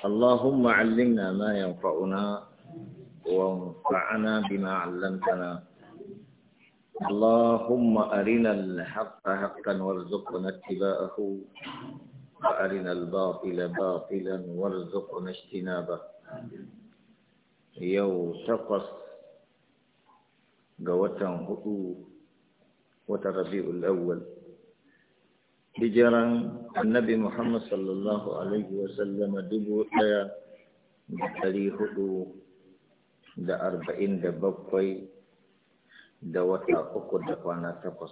اللهم علمنا ما ينفعنا وانفعنا بما علمتنا اللهم أرنا الحق حقا وارزقنا اتباعه وأرنا الباطل باطلا وارزقنا اجتنابه يو تقص قوة هدو وتربيع الأول hijiran annabi Muhammad sallallahu Alaihi wasallama dubu ɗaya da ɗari hudu da arba'in da bakwai da wata uku da kwana takwas.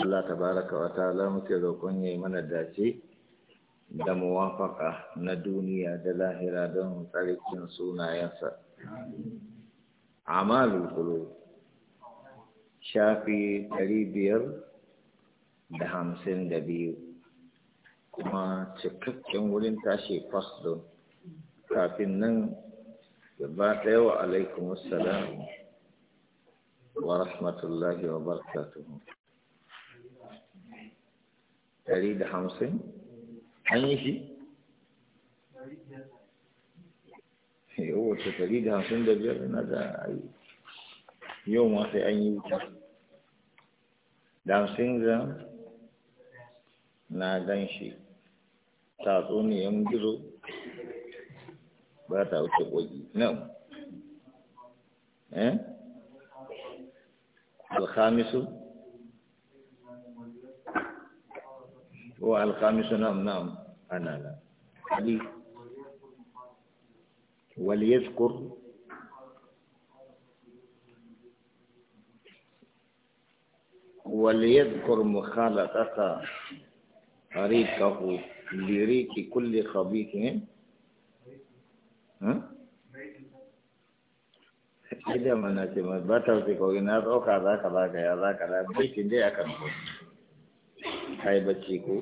Allah ta baraka wa ta'ala muke roƙon yayi mana dace da muwafaka na duniya da lahira don tsarikin sunayensa. Amalu Kulu shafi ɗari biyar da hamsin da biyu kuma cikakken wurin tashi fasdon kafin nan gaba ɗaya wa alaikum salam wa rahmatullahi wa barakatuhu ɗari da hamsin an yi shi yau wata ɗari da hamsin da biyar na da yau ma sai an yi wuta da hamsin da na ganshi gan ne yan gizo ba ta wuce kogi nan eh alhamisu ko alhamisu nam nam ana na ali وليذكر وليذكر مخالطة ريكه لريك كل خبيث إيه؟ ها إذا ما نسمع بطل في كوينا أو كذا كذا كذا كذا بيتين ده أكن هاي بتشيكو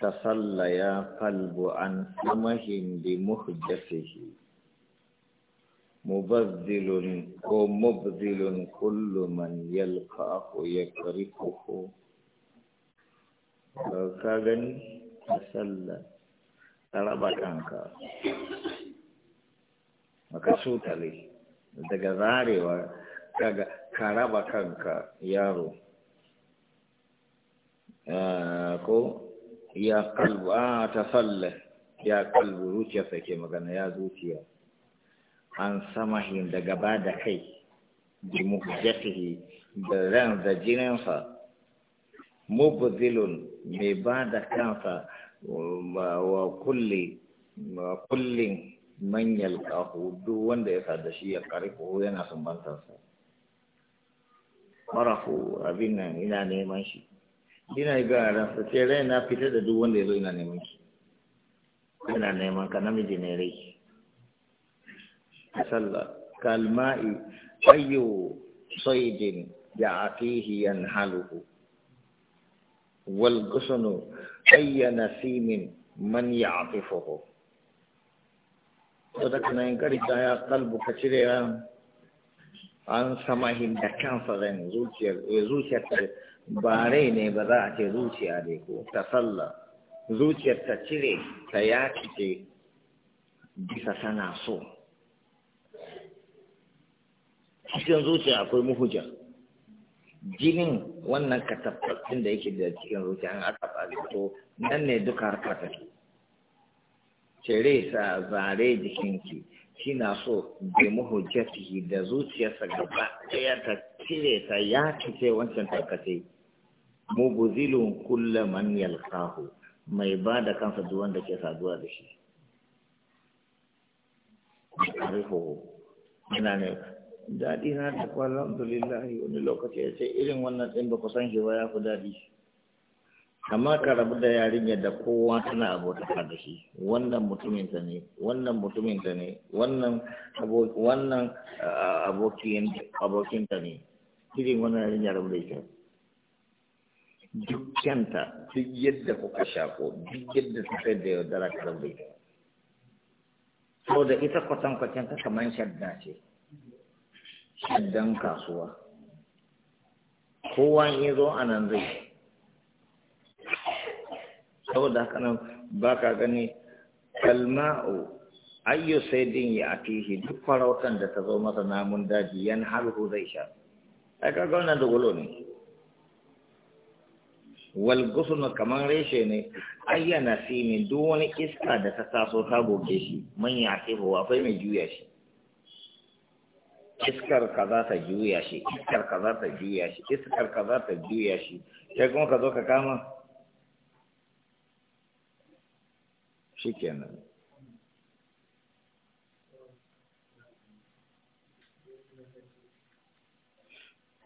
تصلى يا قلب عن سمهم بمخجسه مبذل ومبذل كل من يلقاه يكرهه ka gani a sallar raba kanka maka sutale daga zarewa ka raba kanka yaro ah, ko ya kalbu a ah, ta sallar ya kalbu zuciya sake magana ya zuciya an samahin daga ba da kai jimu mukjatihi da ran da jininsa mubzilun mai ba da kansa wa kulli kullin manyan kahu duk wanda ya sada da shi ya kare ko yana sumbantarsa marafu abin nan ina neman shi ina ga sa ce rai na fita da duk wanda ya zo ina neman shi ina neman ka namiji ne rai sallah kalma'i ayyu sayyidin ya'tihi yanhaluhu والغصن أي نسيم manya يعطفه ودكنا ينكر يا قلب كثيرا an sama da kansa zan zuciyar eh, zuciyar ta ba rai ne ba za a ce zuciya ne ko ta sallah zuciyar cire ta yaki ce bisa tana so cikin zuciya akwai muhujar jinin wannan katafakin da yake da cikin zuciya an aka to nan ne duka harka ke cire sa zare jikinki na so bi jafi da zuciyarsa gaba ɗaya ta cire ta ya cike wancan tarkace mubuzilun kulla man yalqahu mai ba da kansa duk wanda ke saduwa da shi daɗi na da alhamdulillah wani lokaci ya ce irin wannan ɗin ba ku san shi ba ya fi daɗi amma ka rabu da yarin da kowa tana abota da shi wannan mutumin ta ne wannan mutumin ta ne wannan wannan ah, abokin ta ne irin wannan yarinya rabu da ita duk kyanta duk yadda kuka shako duk yadda kai da yaudara ka rabu da ita da ita kwatankwacin ta kamar shadda ce shaddan kasuwa kowa in zo a nan zai saboda haka nan ba ka gani kalma'u ayyu sai din ya shi, duk farautan da ta zo masa namun daji yan haruhu zai sha ai gauna da gulo ne wal kamar reshe ne ayyana sini duk wani iska da ta taso ta goge shi manya ake atihu akwai mai juya shi iskar ka za ta juya shi iskar ka za ta juya shi iskar ka za ta juya shi sai kuma ka zo ka kama shikenan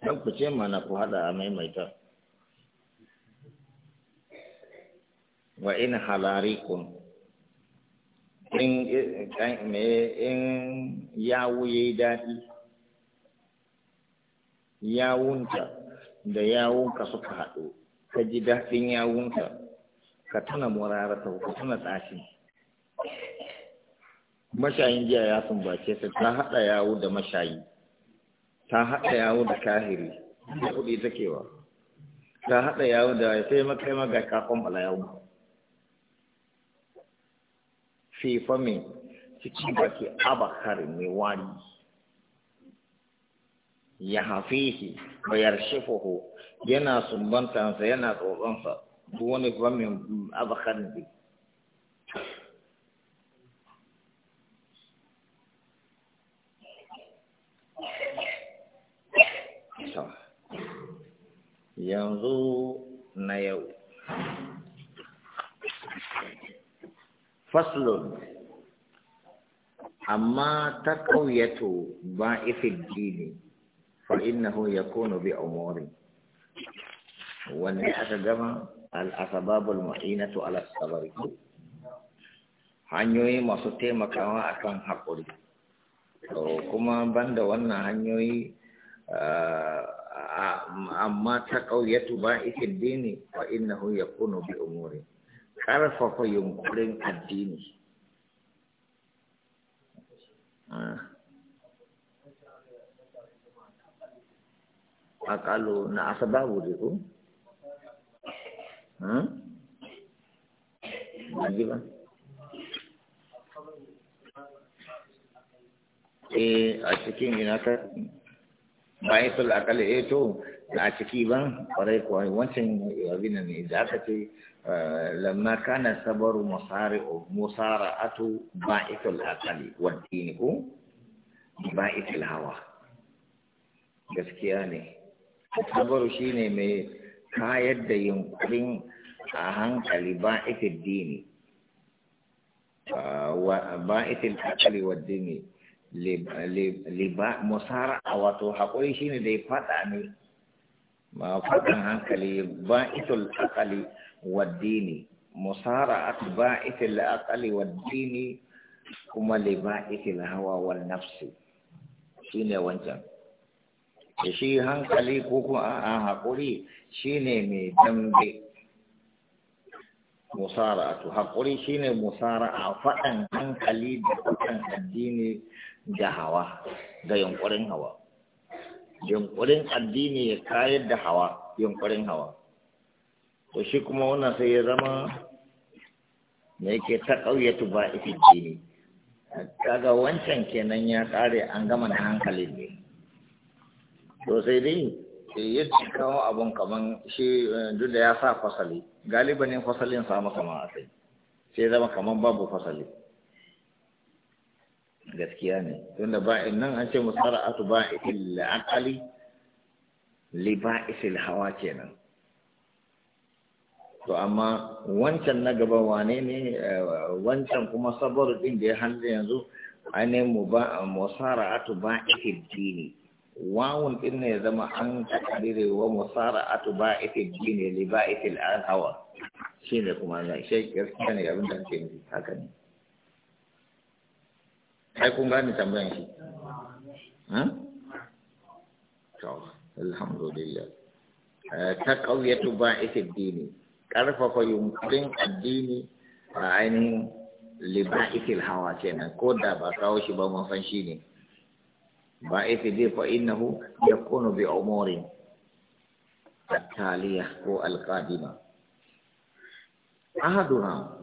don ku ce mana ku haɗa a maimaita wa in halarikun in me in ya wuye daɗi yawunta da yawunka suka haɗu ka ji daɗin yawunka ka tuna murarata ka tana tsashi mashayin jiya ya sumbace ta ta haɗa yawo da mashayi ta haɗa yawo da kahiri da kuɗi takewa ta haɗa yawo da sai makai maga kakon bala yawo fi fami cikin baki abakar mai wari ya hafihi wa yarshifuhu yana sumbanta sa yana tsoronsa duk wani gwamin abakan bi yanzu na yau faslun amma ta kauyato ba ifin jini فإنه يكون بأمور والنعة جمع الأسباب المعينة على الصبر hanyoyi masu taimakawa akan haƙuri kuma banda wannan hanyoyi ah, ah, amma ta ƙauyatu ba ikin dini wa innahu ya kuno bi umuri ƙarfafa yunkurin addini ah. akalu na wuri ko hmm lagi ba eh a cikin ina ka baitul akali E eh, to a ciki ba kwarai ko wancan eh, abin ne da aka ce eh, lamma kana sabaru musari musara'atu ba'itul akali wa dini ko ba'itul hawa gaskiya ne shi ne mai kayar da yunkurin a hankali ba ita dini ba ita hankali wa dini liba musara a wato haƙuri shi da ya faɗa ne ma faɗin hankali ba ita hankali wa dini musara a ba ita hankali wa dini kuma liba ita hawa wa nafsi ne wancan shi hankali ko kuma a haƙuri shi ne mai dambe to haƙuri shi ne a faɗan hankali da faɗin addini da hawa da yunƙurin hawa yunƙurin addini ya kayar da hawa yunƙurin hawa to shi kuma wannan sai ya zama me yake ta ƙauyatu ba ifi jini kaga wancan kenan ya ƙare an gama da hankali ne to sai dai eh, yadda kawo abun kamar shi eh, duk da ya sa fasali galiba ne fasalin samu kama a sai sai zama kamar babu fasali gaskiya ne tunda ba nan an ce musara'atu ba il aqali li hawa kenan to amma wancan na gaba wane ne eh, wancan kuma sabar din da ya hanzu yanzu ainihin musara ba musara'atu dini wawun din ne zama an karire wa musara'atu ba'ithid din li ba'ithil hawa shine kuma na shi gaskiya ne abin da ake yi haka ne ai kun gani tambayan shi hmm? eh, ƙauye tu ba ba'ithid din karfafa yunkurin addini a ainihin ikil hawa kenan ko da ba kawo shi ba mun san shi ne ba a fi fa innahu ya kunu bi umurin taliya ko alƙadima ahaduna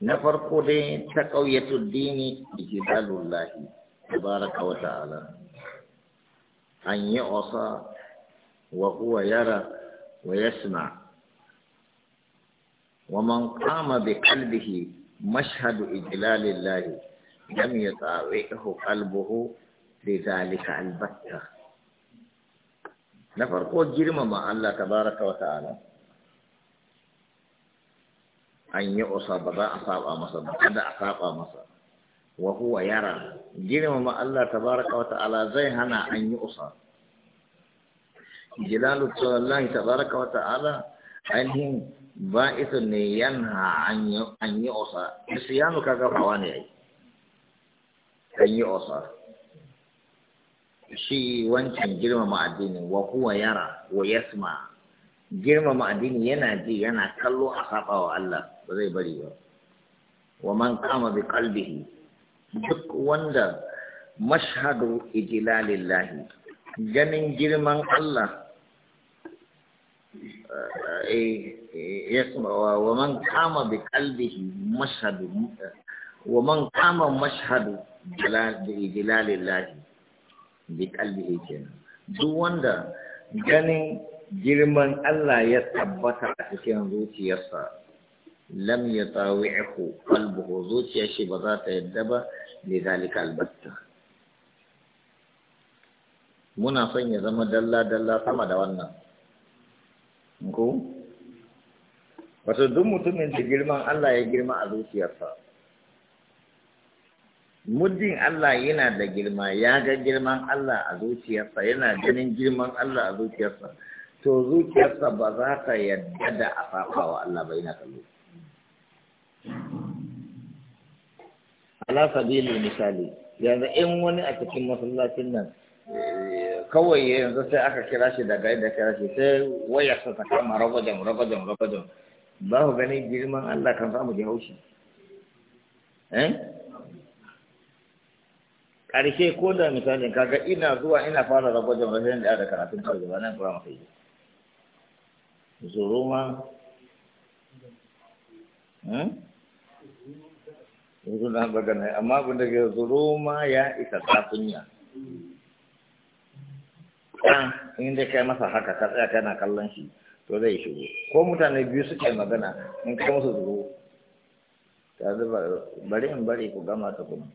na farko dai ta ƙauyatu dini da ke dalullahi tabaraka wa ta'ala an yi osa wa yara wa yasna wa man qama bi qalbihi mashhadu ya lam yata'ihu qalbuhu لذلك البتة نفرقو جرم مع الله تبارك وتعالى أن يؤصب ذا أصاب مصر قد أصاب مصر وهو يرى جرم مع الله تبارك وتعالى زي هنا أن يؤصب جلال الله تبارك وتعالى أنهم باعث ينهى عن أن يؤصى نسيانك كفوانعي أن يؤصى shi wancan girmama addini wa huwa yara wa yasma girmama addini yana ji yana kallo a saba wa Allah ba zai bari ba wa man kama bi qalbihi duk wanda mashhadu ijlalillah ganin girman Allah eh, eh, eh, wa man kama bi qalbihi mashhadu wa man kama mashhadu ijlalillahi bi kalbihi duk wanda ganin girman Allah ya tabbata a cikin zuciyarsa lam ya tawi'ahu qalbuhu zuciya shi ba za ta yadda ba li zalika albatta muna son ya zama dalla dalla sama da wannan ko wato duk mutumin da girman Allah ya girma a zuciyarsa muddin Allah yana da girma ya ga girman Allah a zuciyarsa yana ganin girman Allah a zuciyarsa to zuciyarsa ba za ta yadda da a fafawa Allah bai na kallo ala dini misali yanzu in wani a cikin masallacin nan kawai yanzu sai aka kira shi daga yadda kira shi sai wayarsa ta kama ragwajen ragwajen ragwajen ba ku ganin girman Allah kan samu jihaushi haushi eh? ƙarshe ko da misali kaga ina zuwa ina fara rabu da wajen da da karatun kawai ba nan kura mafi zuru ma hmm? zuru na ne, amma abin da ke zuru ma ya isa tafinya ɗan inda kai masa haka ka tsaya kana kallon shi to zai shigo ko mutane biyu suke magana in kai musu zuru ta zuba bari in bari ku gama ta kuma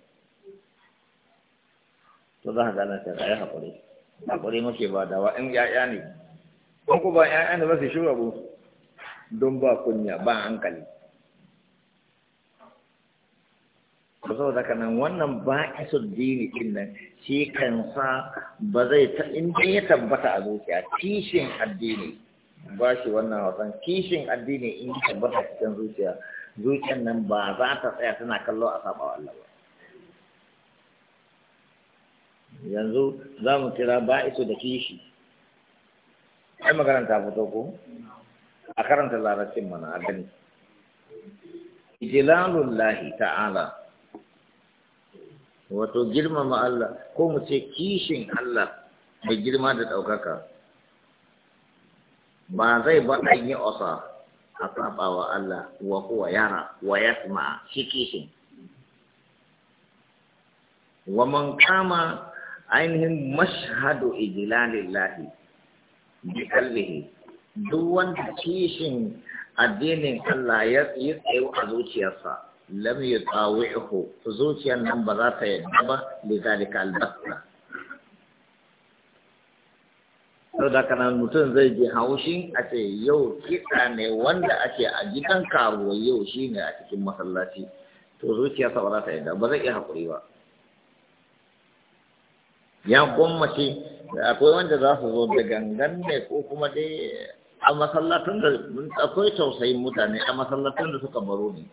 to za ka gane sai ayi hakuri hakuri muke ba dawa in ya'ya ne ko ku ba ya'ya ne ba su don ba kunya ba hankali ko so daga nan wannan ba isu dini din nan shi kansa ba zai ta in ya tabbata a zuciya kishin addini ba shi wannan wasan kishin addini in tabbata cikin zuciya zuciyan nan ba za ta tsaya tana kallo a saba Allah ba yanzu za mu kira iso da kishi ai makaranta fito ko a karanta larabcin mana a gani lahi ta'ala wato girmama Allah ko mu ce kishin Allah mai girma da ɗaukaka ba zai ba ɗan yi osa a saɓawa Allah wa kuwa yara wa yasma shi kishin wa man kama ainihin mashhadu ijlalillahi bi qalbihi duk wanda kishin addinin Allah ya yi a zuciyarsa lam yutawihu zuciyar nan ba za ta yadda ba li zalika albasta sau da kana mutum zai ji haushi a ce yau kiɗa ne wanda ake a gidan karuwa yau shine a cikin masallaci to zuciyarsa ba za ta yadda ba zai iya haƙuri ba ya gwammace akwai wanda za su zo da gangan ne ko kuma dai a masallatun da akwai tausayin mutane a masallatun da suka baro ne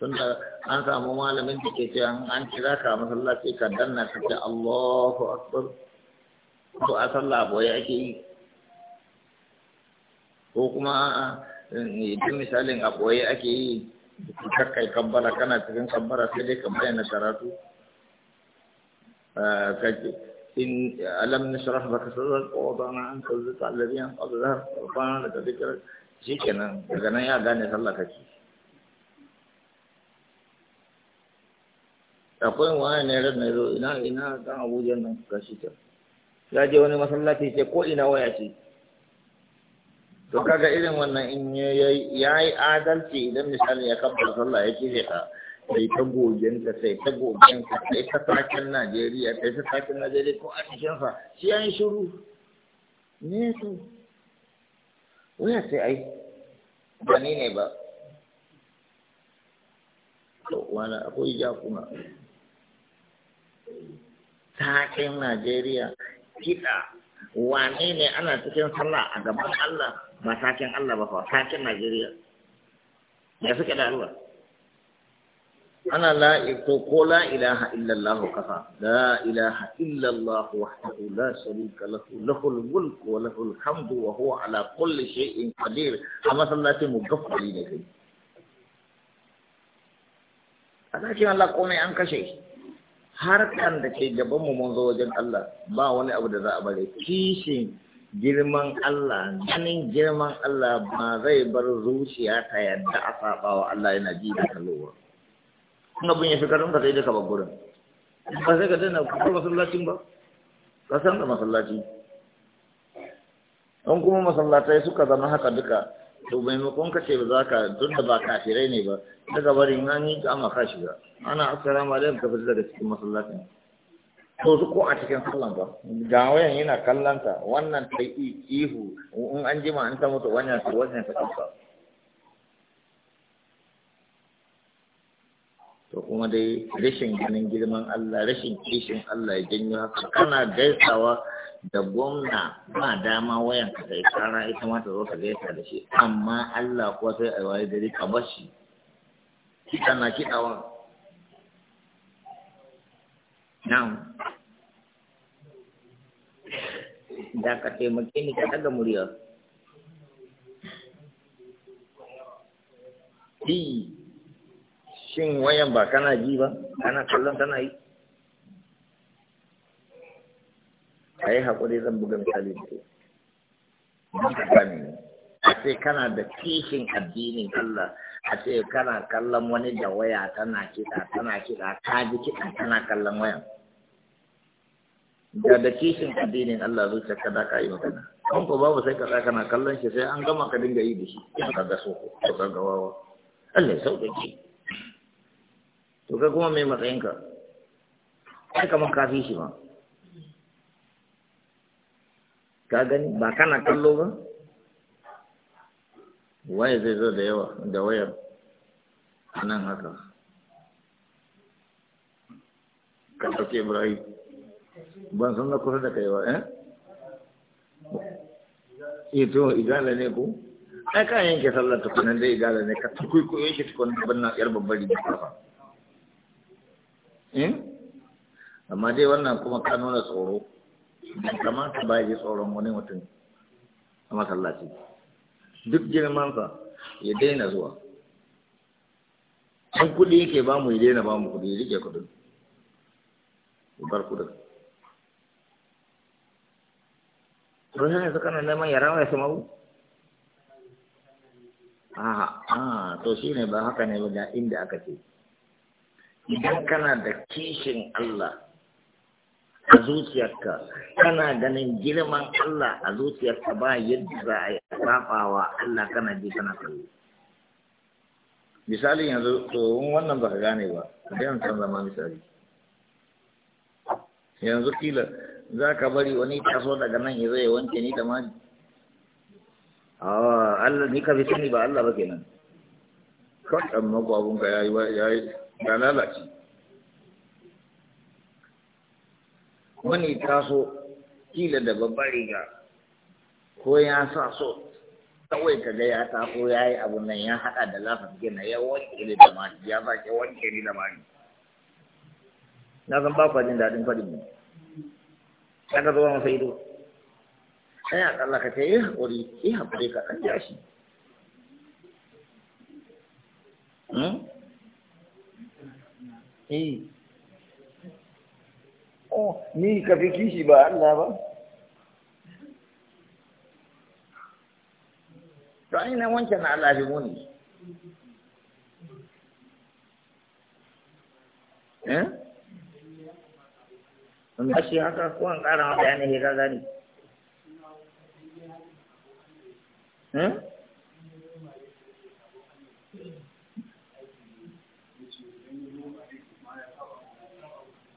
tunda an samu malamin da ke cewa an kira ka masallaci ka danna ka ce Allahu akbar ko a sallah boye ake yi ko kuma idan eh, misalin a boye ake yi kakkai kambara kana cikin kambara sai dai ka bayyana karatu kake in alam nashrah baka sadrak wa wadana anka zika alladhi anqadha dhahrak wa rafa'na laka dhikrak shikenan daga nan ya gane sallah kake akwai wani ne ran zo ina ina dan abuja nan gashi ta ya wani masallaci ce ko ina waya ce to kaga irin wannan in yayi yayi adalci idan misali ya kabbala sallah ya kife sai ta gogenka sai ta gogenka sai ta sakin najeriya sai ta sakin najeriya ko a sa shi an shiru ne su waya sai ai ba ni ne ba to wani akwai ja kuma sakin najeriya kiɗa wane ne ana cikin sallah a gaban allah ba sakin allah ba fa sakin najeriya ya suke da allah ana la ko la ilaha illallah kafa la ilaha illallah wahdahu la sharika lahu lahul mulk wa lahul wa huwa ala kulli shay'in qadir Amma masallacin mu ne kai a cikin Allah komai an kashe harkan da ke gaban mu mun zo wajen Allah ba wani abu da za a bare kishin girman Allah ganin girman Allah ba zai bar zuciya ta yadda a saba wa Allah yana ji da kallowa in abin ya fi ka sai da ka bar gurin ba sai ka daina kusa masallacin ba ka san da masallaci in kuma masallatai suka zama haka duka to maimakon ka ce ba za ka duk da ba kafirai ne ba daga na an yi kama ka shiga ana assalamu alaikum ka fita daga cikin masallacin to su ko a cikin sallan ba ga wayan yana kallon wannan ta ihu in an jima an ta mutu wannan su wannan ta kasa to kuma dai rashin ganin girman Allah rashin kishin Allah ya janyo haka kana gaisawa da gwamna ba dama wayan ka kai tsara ita ma ta zo ka gaisa da shi amma Allah kuwa sai a waye gari ka bar shi kana na kiɗawa na'am da ka taimake ni ka daga murya shin wayan ba kana ji ba kana kallon tana yi a yi haƙuri zan buga misali da a ce kana da kishin addinin Allah a ce kana kallon wani da waya tana kiɗa tana kiɗa ta ji kiɗa tana kallon wayan da da kishin addinin Allah zuciya ka ka yi magana an ko babu sai ka tsaya kana kallon shi sai an gama ka dinga yi da shi ka ga so ko ka ga wawa Allah ya sauƙaƙe to kai kuma mai matsayinka ai kamar kafin shi ba ka gani ba kana kallo ba waye zai zo da yawa da wayar nan haka ka ɗauke ibrahim ban san na kusa da kai ba eh ito eh, igala ne ko ai ka yanke sallar tukunan dai igala ne ka tukuikuyo shi tukunan ban na yar babbar rigar kafa Eh? amma dai wannan kuma ka nuna tsoro ban kamata ba ji tsoron wani mutum a masallaci duk girmansa ya daina zuwa an kuɗi yake ba mu ya daina ba mu kuɗi ya rike kuɗin ya bar kuɗin ne yanzu kana neman ya rawa ya sama wu? Aha, to shi ne ba haka ne ba da inda aka ce. idan kana da kishin Allah a zuciyarka kana ganin girman Allah a zuciyarka ba yadda za a yi sabawa Allah kana ji kana kallo misali yanzu tsohon wannan ba ka gane ba idan san zama misali yanzu kila za ka bari wani taso daga nan ya zai wanke ni da maji Allah ni ka fi sani ba Allah ba kenan kawai ɗan ka ya yi ya lalace wani taso kila da babbar riga ko ya sa so kawai ka ga ya taso ya yi abu nan ya haɗa da lafafin gina ya wanke ni da mani ya ke wanke ni da mani na san ba jin daɗin faɗin mu kaga zuwa masa ido sai a ƙalla ka ce yi eh, haƙuri yi eh, haƙuri ka ɗan shi. Hmm? eh oh ni ka fi kishi ba Allah ba to ainihin wancan na Allah shi muni eh ba shi haka ko an ƙara mata yanayi ka gani eh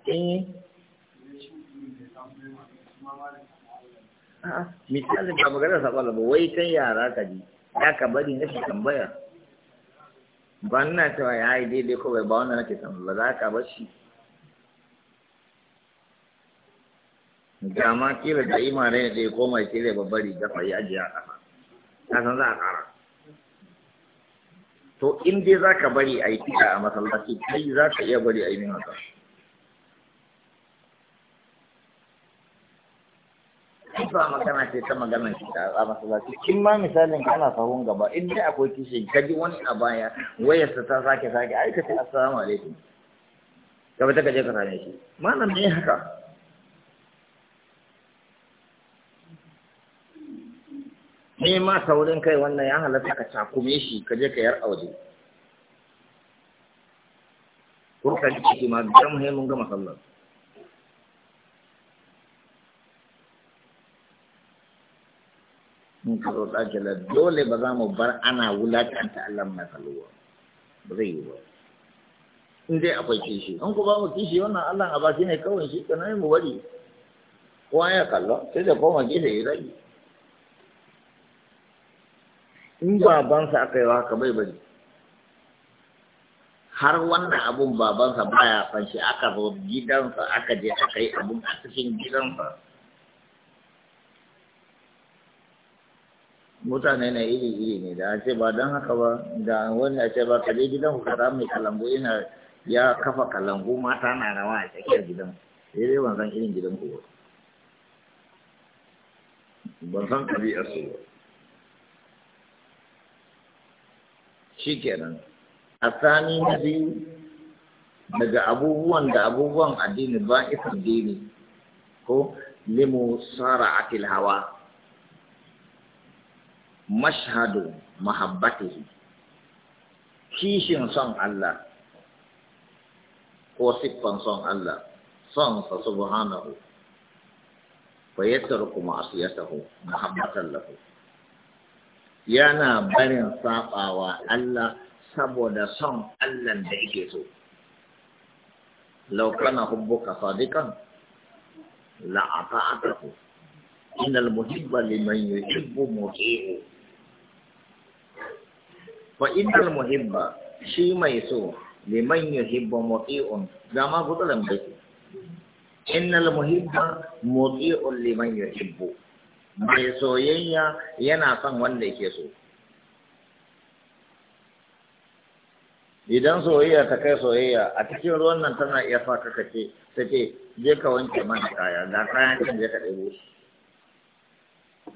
eh a'a misalin ba magana sabo ba wai kan yara ka ji ya ka bari na shi tambaya ba na cewa ya yi daidai ko bai ba wanda nake tambaya ba za ka bar shi Gama kila da imare ko mai koma kila bari da fa yi ajiya a ƙasa ka san za a ƙara to in dai za ka bari a yi tika a masallaci kai za ka iya bari a yi min haka duk magana ce ta magana shi ta a masallaci kin ma misalin kana sahun gaba in dai akwai kishin ka ji wani a baya wayarsa ta sake sake ai ka ce assalamu alaikum gaba ta je ka same shi malam ne haka ne ma saurin kai wannan ya halatta ka cakume shi ka je ka yar auje kurkan ciki ma ga muhimmin ga masallaci mun karo roƙa dole ba za mu bar ana wulaƙanta Allah mai kaluwa ba zai yi ba in dai akwai kishi in ku ba mu kishi wannan Allah a baki ne kawai shi kana mu bari kowa ya kallo sai da koma gefe ya rage in babansa aka yi haka bai bari har wannan abun babansa baya fanshi aka zo gidansa aka je aka yi abun a cikin gidansa mutane na iri iri ne da ce ba don haka ba da wani ce ba ka gidan ku kaza mai kalangu ina ya kafa kalangu mata na rawa a tsakiyar gidan sai dai ban san irin gidan ku ba ban san ɗabi'ar su ba shi kenan a sani na biyu daga abubuwan da abubuwan addini ba isan dini ko limu sara akil hawa mashhadu mahabbatihi kishin son Allah ko siffan son Allah son sa subhanahu fa yatruku ma'siyatahu mahabbatan lahu yana barin sabawa Allah saboda son Allah da yake so law kana hubbuka sadikan la ata'atahu innal muhibba liman yuhibbu muhibbu wa innal muhibba shi mai so liman yuhibbu muti'un zama da baki innal muhibba muti'un liman yuhibbu mai soyayya yana son wanda yake so idan soyayya ta kai soyayya a cikin ruwan nan tana iya faka ka kace ta ce je ka wanke man kaya ga kayan can je ka ɗebo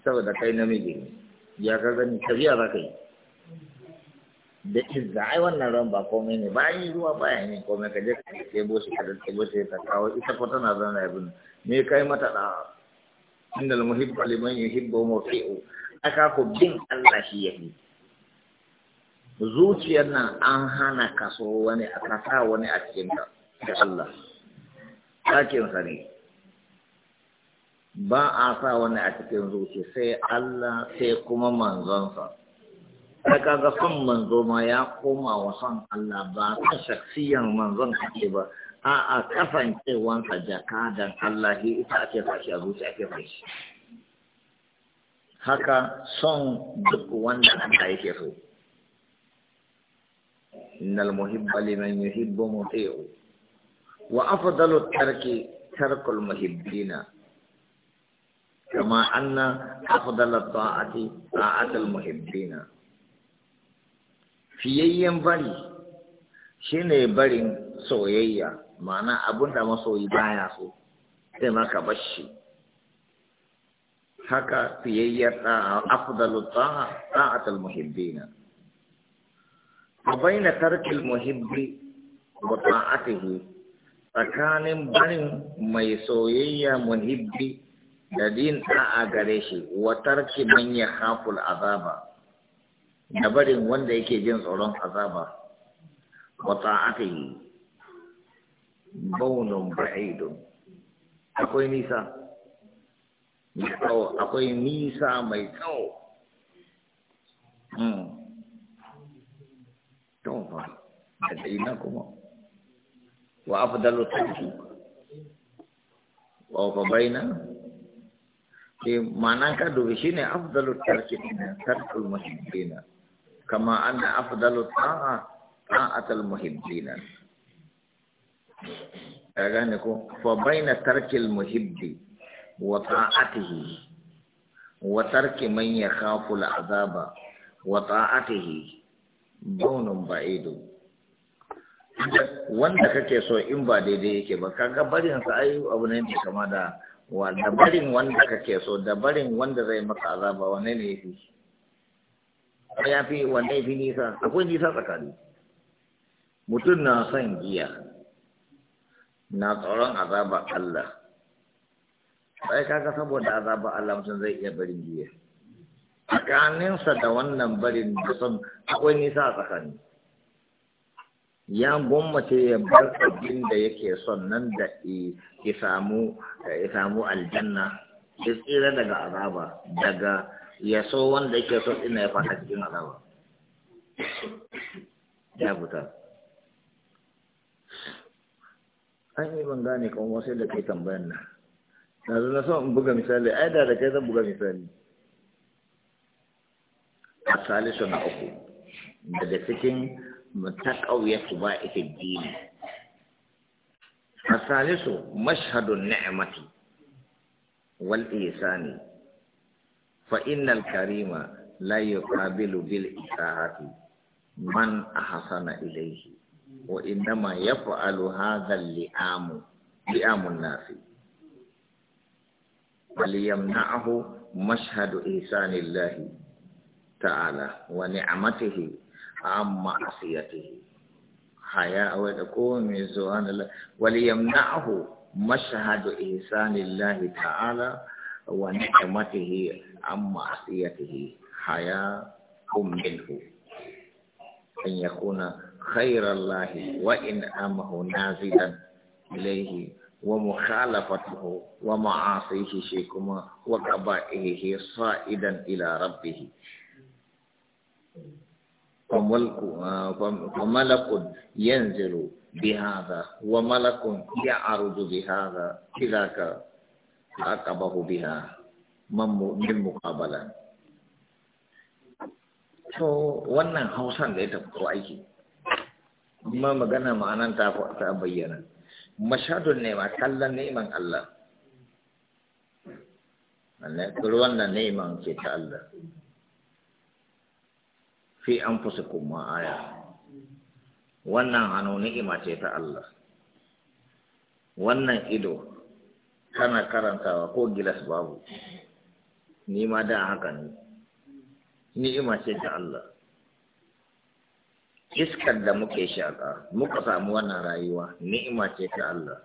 saboda kai namiji ya ka gani tafiya za ka yi da izza ai wannan ran ba komai ne bayan ruwa ba yi komai ka je ka ɗebo shi ka ɗebo shi ka kawo ita ko tana zan da ibn me kai mata da inda al-muhibbu liman yuhibbu muti'u aka ko bin Allah shi yafi zuciyar nan an hana ka so wani a kasa wani a cikin ka da Allah ka sa ne ba a sa wani a cikin zuciya sai Allah sai kuma manzon sa sai kaga son manzo ma ya koma wa son Allah ba kan shaksiyan manzon kake ba a'a kasancewansa jakadan Allah ita ake fashi a zuciya ake fashi haka son duk wanda Allah yake so innal muhibba liman yuhibbu muti'u wa afdalu tarki tarkul muhibbina kama anna afdala ta'ati ta'atul muhibbina fiyayyen bari shine barin soyayya ma'ana abinda masoyi baya so sai maka bashi haka fiyayyar da'a afdalu da'a da'atul muhibbina wa baina tarkil muhibbi wa ta'atihi tsakanin barin mai soyayya muhibbi da din da'a gare shi wa tarki manya yakhaful azaba da barin wanda yake jin tsoron azaba wa ta'atihi bawnun ba'idun akwai nisa akwai nisa mai tsawo don hmm. fa da ina kuma wa afdalu tafi wa fa baina ke eh, ma'anan ka dubi shine afdalu tarki din tarkul mushrikina kama anna afdalu ta'a ta'atul muhibbin agane ko fa baina tarkil muhibbi wa ta'atihi wa tarki man yakhafu al'azaba wa ta'atihi dunun ba'idu wanda kake so in ba daidai yake ba kaga barin sa ayi abu ne ne kama da wa da barin wanda kake so da barin wanda zai maka azaba wanne ne yake ko ya fi wanda ya fi nisa akwai nisa tsakani mutum na son giya na tsoron azaba Allah sai kaga saboda azaba Allah mutum zai iya barin giya tsakaninsa da wannan barin da son akwai nisa a tsakani ya gwammace ya bar abin da yake son nan da ya samu aljanna ya tsira daga azaba daga ya so wanda yake so ina ya fata cikin azaba ya buta an yi ban gane kan wasu da kai tambayan nan yanzu na so in buga misali ai da da kai zan buga misali a salisu na uku daga cikin mutakauyatu ba ita dini a salisu mashhadun ni'amati wal isani فإن الكريم لا يقابل بالإساءة من أحسن إليه وإنما يفعل هذا اللئام لئام الناس وليمنعه مشهد إحسان الله تعالى ونعمته عن معصيته حياء وتكون سبحان الله وليمنعه مشهد إحسان الله تعالى ونعمته عن معصيته حياء منه أن يكون خير الله وإن أمه نازلا إليه ومخالفته ومعاصيه شيكما وقبائه صائدا إلى ربه فملك ينزل بهذا وملك يعرج بهذا إذا عاقبه بها min muqabala to wannan hausan da ya tafi ko aiki kuma magana ma'anan ta ta bayyana mashadun ne ma kallon neman Allah ruwan da neman ke ta Allah fi an fusa kuma aya wannan hannu ni'ima ce ta Allah wannan ido kana karantawa ko gilas babu ni ma da haka ne ima ce ta Allah iskar da muke shaƙa muka samu wannan rayuwa ima ce ta Allah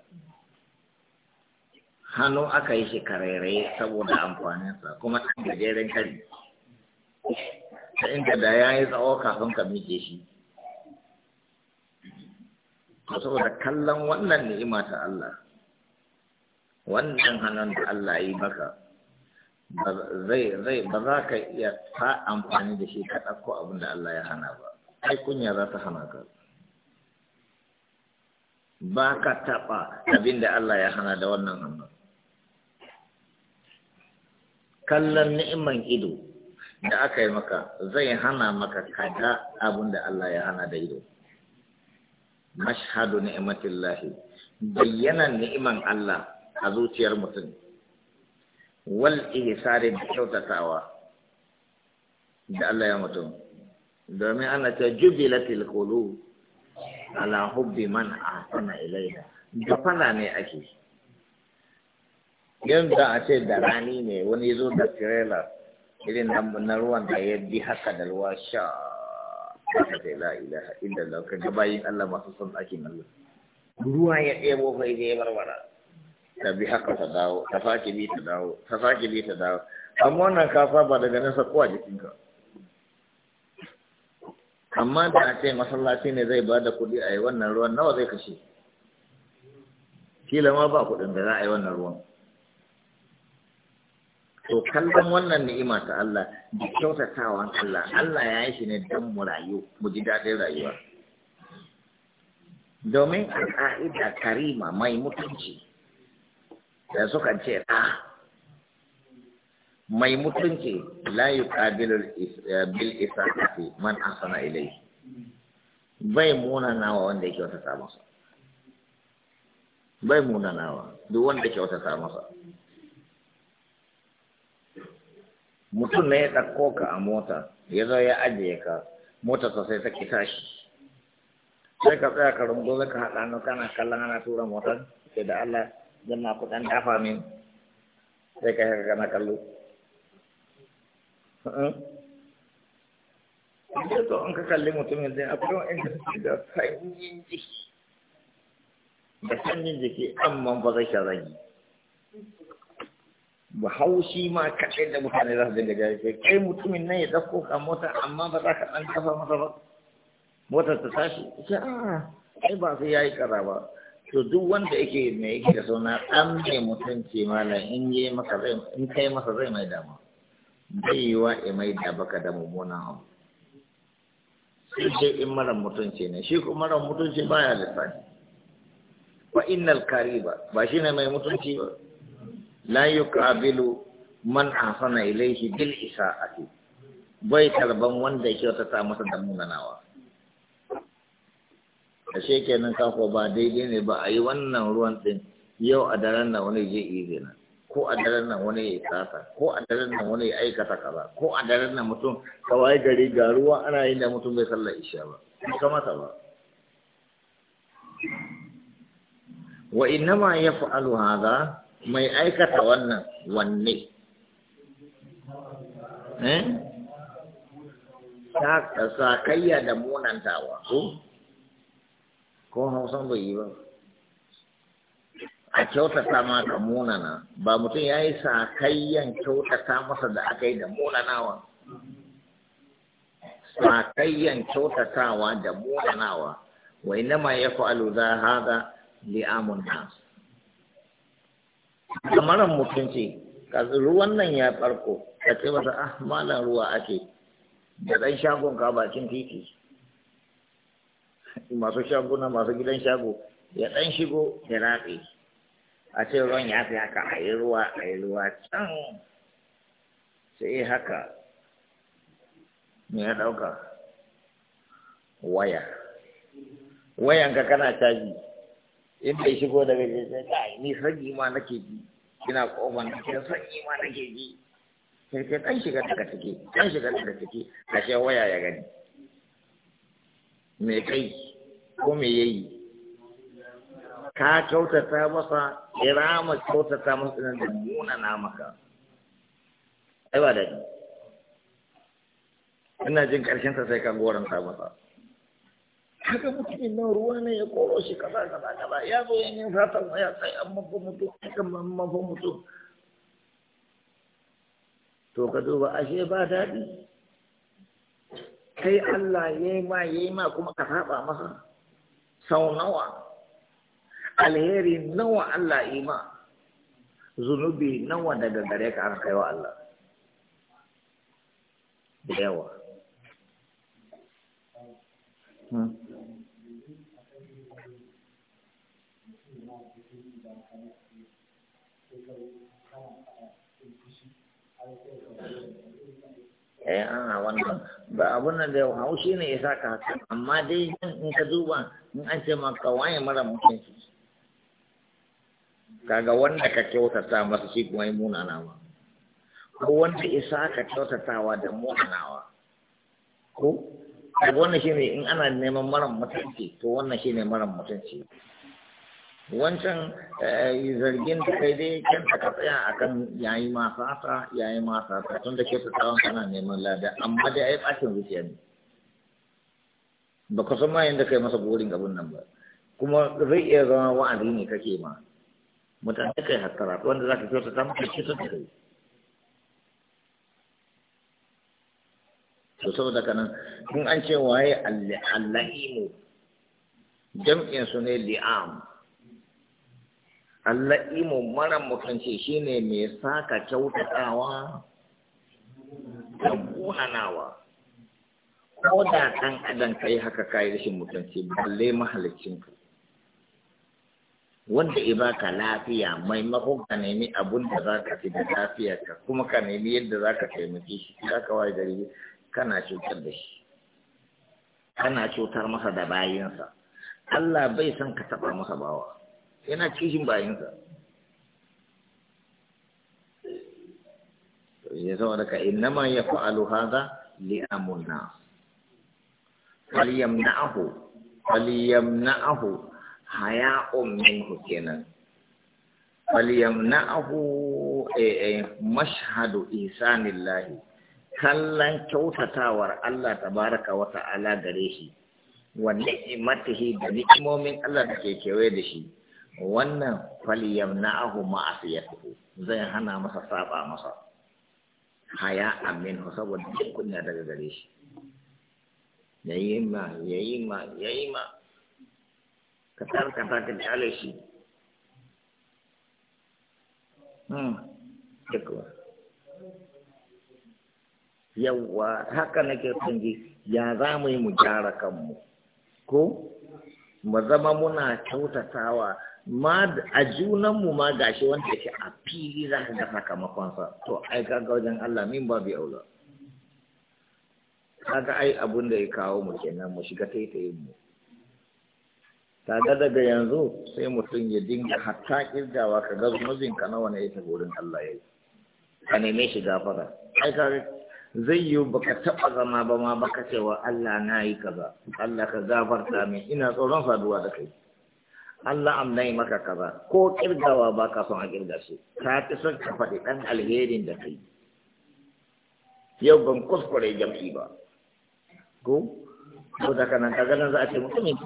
hannu aka yi shi karairaye saboda amfaninsa kuma ta gajeren kari ta inda da ya yi tsawo kafin ka miƙe shi saboda kallon wannan ni'ima ta Allah wannan hannun da Allah ya yi maka ba za ka iya ta amfani da shi ka ɗauko abin da Allah ya hana ba ai kunya za ta hana ka ba ka taɓa abin da Allah ya hana da wannan hannu kallon ni'iman ido da aka yi maka zai hana maka kada abin da Allah ya hana da ido mashhadu ni'matillahi bayyana ni'iman Allah a zuciyar mutum wal ihsari da kyautatawa da Allah ya mutum domin ana ta jubilatil qulub ala hubbi man ahsana ilayha da fana ne ake yanda a ce da rani ne wani zo da tirela irin na ruwan da ya bi haka da ruwa sha da la ilaha illallah ka ga bayin Allah masu son ake nan ruwa ya ɗebo fa ya barbara ta bi haka ta dawo ta sake bi ta dawo ta sake bi ta dawo amma wannan kafa ba daga nasa ko a jikinka amma da a ce masallaci ne zai bada kuɗi a yi wannan ruwan nawa zai kashe kila ma ba kuɗin da za a yi wannan ruwan to kallon wannan ni'ima ta Allah da kyautatawan Allah Allah ya yi shi ne don mu rayu mu ji daɗin rayuwa domin a ƙa'ida karima mai mutunci da suka ce a ah, mai mutunci la yuqabilu bil kafi man asana ilai bai nawa wanda yake wata samu masa bai nawa duk wanda kyauta ta masa mutum na ya ɗauko ka a mota ya zo ya ajiye ka mota sosai ta kita tashi sai ka tsaya ka rungo ka haɗa hannu kana kallon ana tura motar sai da Allah jama ku dan dafa min sai ka ga na kallo Ita to an ka kalli mutumin zai akwai wa'in da suke da sanyin jiki. Da sanyin jiki amma ba zai shazagi. Bahaushi ma kaɗai da mutane za su dinga jari kai mutumin nan ya ɗauko ka mota amma ba za ka ɗan kafa masa ba. Motar ta tashi, ita a, kai ba sai ya yi kara ba. to duk wanda yake mai yake da suna ɗan mai mutunci malam in yi maka zai in kai masa zai mai dama bai yi wa ya mai da baka da mummunan abu sai dai in mara mutunci ne shi kuma mara mutunci baya lissafi wa innal kariba ba shi ne mai mutunci ba la yuqabilu man ahsana ilayhi bil isa'ati bai karban wanda yake wata ta masa da munanawa ashe kenan kako ba daidai ne ba a yi wannan ruwan ɗin yau a daren nan wani zai yi zina ko a daren nan wani ya yi tsasa ko a daren nan wani ya aikata kaza ko a daren nan mutum kawai gari ga ruwa ana yin da mutum bai sallar isha ba bai kamata ba wa innama ya fa'alu haza mai aikata wannan wanne eh sakayya da munantawa ko ko Hausa bai yi ba a kyautata ma ka munana ba mutum ya yi sakayyan kyautata masa da aka yi da munanawa sakayyan kyautatawa da munanawa wai na ya fa'alu za haza li'amun kamaran mutunci ka ruwan nan ya farko ka ce masa ah malan ruwa ake da ɗan shagon ka bakin titi masu shaguna masu gidan shago ya ɗan shigo ya raɓe a ce ruwan ya fi haka a yi ruwa a yi ruwa can sai haka me ya ɗauka waya wayanka kana caji in bai shigo daga jirgin kai ni sanyi ma nake ji ina na ke sanyi ma nake ji sai sai ɗan shiga daga ciki ɗan shiga daga ciki ashe waya ya gani me kai ko me ya yi ka kyautata masa irama kyautata masa nan da muna na maka ai ba daɗi ina jin ƙarshen ta sai ka ta masa haka mutumin ina ruwa ne ya koro shi kaza kaza kaza ya zo yin yin fatan waya sai an mafi mutum aka mafi mutum to ka duba ashe ba daɗi kai Allah ya yi ma ya yi ma kuma ka saba masa sau nawa alheri nawa Allah ima zunubi nawa daga gare ka an kaiwa Allah da yawa hmm. Eh, ah, wannan ba abun nan da yau haushi ne ya saka haka amma dai in ka duba in an ce ma ka waye mara mutunci kaga wanda ka kyautata masa shi kuma ya munanawa ko wanda ya ka kyautatawa da munanawa ko wannan shi ne in ana neman mara mutunci to wannan ne mara mutunci wancan eh, zargin da kai dai ta ka tsaya a kan yayi masata yayi masata tun da ke tsawon kana neman lada amma dai yi ɓacin zuciya ne ba ka san da ka kai masa burin abun nan ba kuma zai iya zama wa'azi ne kake ma mutane kai hattara wanda za ka kyautata maka kisan da kai to saboda nan in an ce waye allahimu jam'in su ne li'am Allah imo mara mutunci shine mai saka kyautatawa da buhanawa. ko da ɗan adam ka yi haka kayi rashin mutunci balle mahalicinka wanda i baka lafiya maimakon ka nemi abun da za ka fi da lafiya ka kuma ka nemi yadda za ka taimaki shi za ka waye gari kana cutar da shi kana cutar masa da bayansa Allah bai son ka taɓa masa bawa yana kishin bayansa ya zama inna ma ya fa'alu haza li'amunna falyamna'ahu haya haya'un minhu kenan falyamna'ahu eh, eh mashhadu ihsanillahi kallon kyautatawar Allah tabaraka wa ta'ala gare shi wa ni'matihi da ni'imomin Allah da ke kewaye da shi wannan faliyar na ahu ma'asiyatuhu zai hana masa saba masa haya amin saboda kunya daga gare shi yayi ma yayi ma yayi ma ka tar ka kyale shi hmm yawwa haka nake son ji ya za mu yi mu gyara kanmu ko mu zama muna kyautatawa ma a junan mu ma gashi wanda yake a fili za ka ga sakamakonsa to ai ka ga wajen Allah min ba bi aula ga ai abun da ya kawo mu kenan mu shiga taitayin mu Ta ga daga yanzu sai mutum ya dinga hatta kirgawa ka ga zunubin ka nawa ne ya wurin Allah ya yi ka neme shi gafara ai ga zai yi ka taɓa zama ba ma ba ka cewa Allah na yi kaza Allah ka gafarta min ina tsoron saduwa da kai Allah am maka kaza ko kirgawa ba ka son a kirga shi ka fi son ka faɗi ɗan alherin da kai yau ban kuskure jam'i ba ko ko da kanan ka ganin za a ce mutumin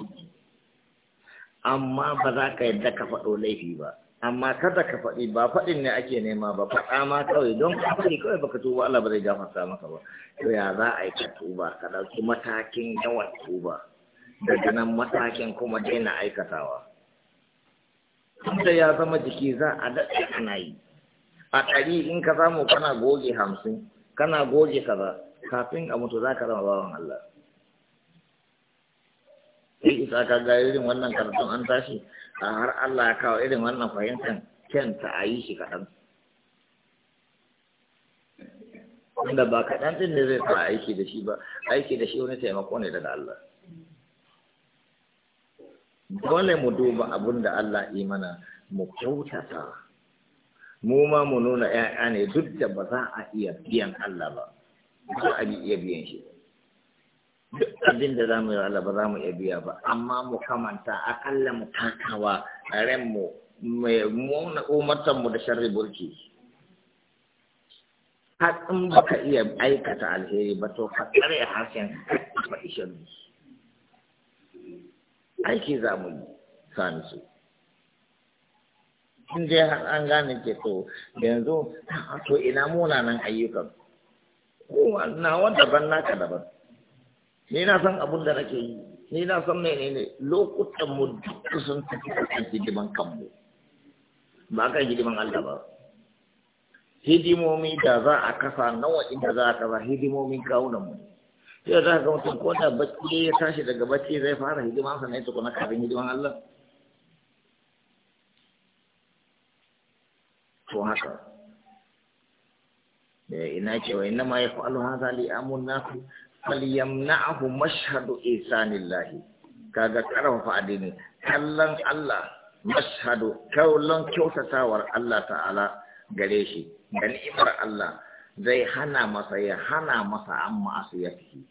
amma ba za ka yadda ka faɗo laifi ba amma kada ka faɗi ba faɗin ne ake nema ba faɗa ma kawai don ka faɗi kawai baka tuba Allah ba zai gafarta maka ba to ya za a yi ka tuba ka ɗauki matakin yawan tuba daga nan matakin kuma daina aikatawa tunda ya zama jiki za a daɗe ana yi a ɗari in ka samu kana goge hamsin kana goge kaza kafin a mutu za ka zama bawan Allah sai isa ka ga irin wannan karatun an tashi a har Allah ya kawo irin wannan fahimtar kyanta a yi shi kaɗan wanda ba kaɗan ɗin ne zai fara aiki da shi ba aiki da shi wani taimako ne daga Allah dole mu duba abin da Allah mana mu kyautata mu ma mu nuna ‘ya'ya ne duk da ba za a iya biyan Allah ba ba a iya biyan shi duk abin da za mu yi Allah ba za mu iya biya ba amma mu kamanta akalla mu takawa a mu mai muna mu da sharri burki har in baka iya aikata alheri ba to ka tsare harshen ka ba ishe aiki za mu yi sami su in dai har an gane ke to yanzu to ina muna nan ayyukan kowa na wanda ban naka daban ni na san abun da nake yi ni na san menene lokutan mu duk sun tafi kan hidiman kanmu ba kan hidiman Allah ba hidimomi da za a kasa nawa inda za a kasa hidimomin kawunan mu yau za ka mutum ko da bacci ya tashi daga bacci zai fara hidima sa ne tukuna kafin hidiman Allah to haka da ina wa ina ma ya fa'alu hadha li amun nasu falyamna'hu mashhadu ga kaga karfafa addini kallon Allah mashhadu kallon kyautatawar Allah ta'ala gare shi da ni'imar Allah zai hana masa ya hana masa an ma'asiyatihi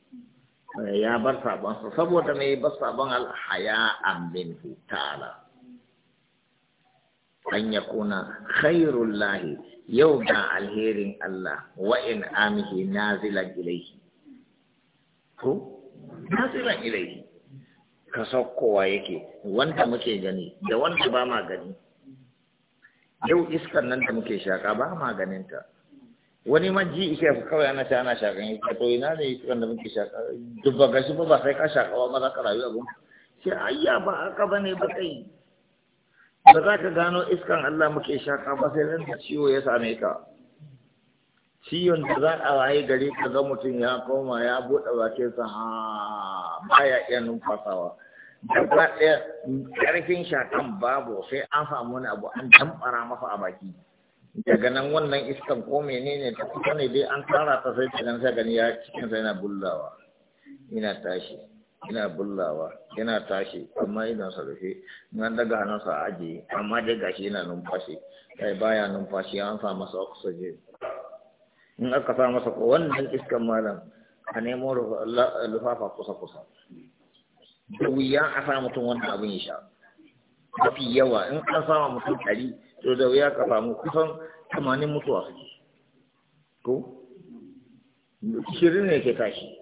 eh, ya bar sabonsa saboda mai bar sabon alhaya an minhu ta'ala an ya kuna khairun lahi yau da alherin Allah wa'in in amihi nazilan ilaihi ko nazilan ilaihi ka saukowa yake wanda muke gani da wanda ba ma gani yau iskar nan da muke shaka ba ma ganinta wani ma ji ike ku kawai ana ta ana shakan ta toyi ina ne iskan da muke shaka dubba ga shi ba sai ka shakawa ba za ka rayu abun sai ayya ba aka bane ba kai ba za ka gano iskan Allah muke shaka ba sai ran da ciwo ya same ka ciwon da za a waye gari ka ga mutum ya koma ya buɗe sa ha baya iya numfasawa gaba ɗaya ƙarfin shakan babu sai an samu wani abu an damfara masa a baki daga nan wannan iskan ko menene ta kusa ne dai an tara ta sai ta sai gani ya cikin sai na bullawa ina tashi ina bullawa yana tashi amma ina sa rufe nan daga hannun sa aje amma dai gashi yana numfashi kai baya numfashi an sa masa oxygen in aka sa masa ko wannan iskan malam a nemo lufafa kusa kusa da wuya a sa mutum wannan abin ya sha mafi yawa in an sa mutum ɗari to da wuya ka samu kusan tamanin mutuwa suke ko shirin ne ke tashi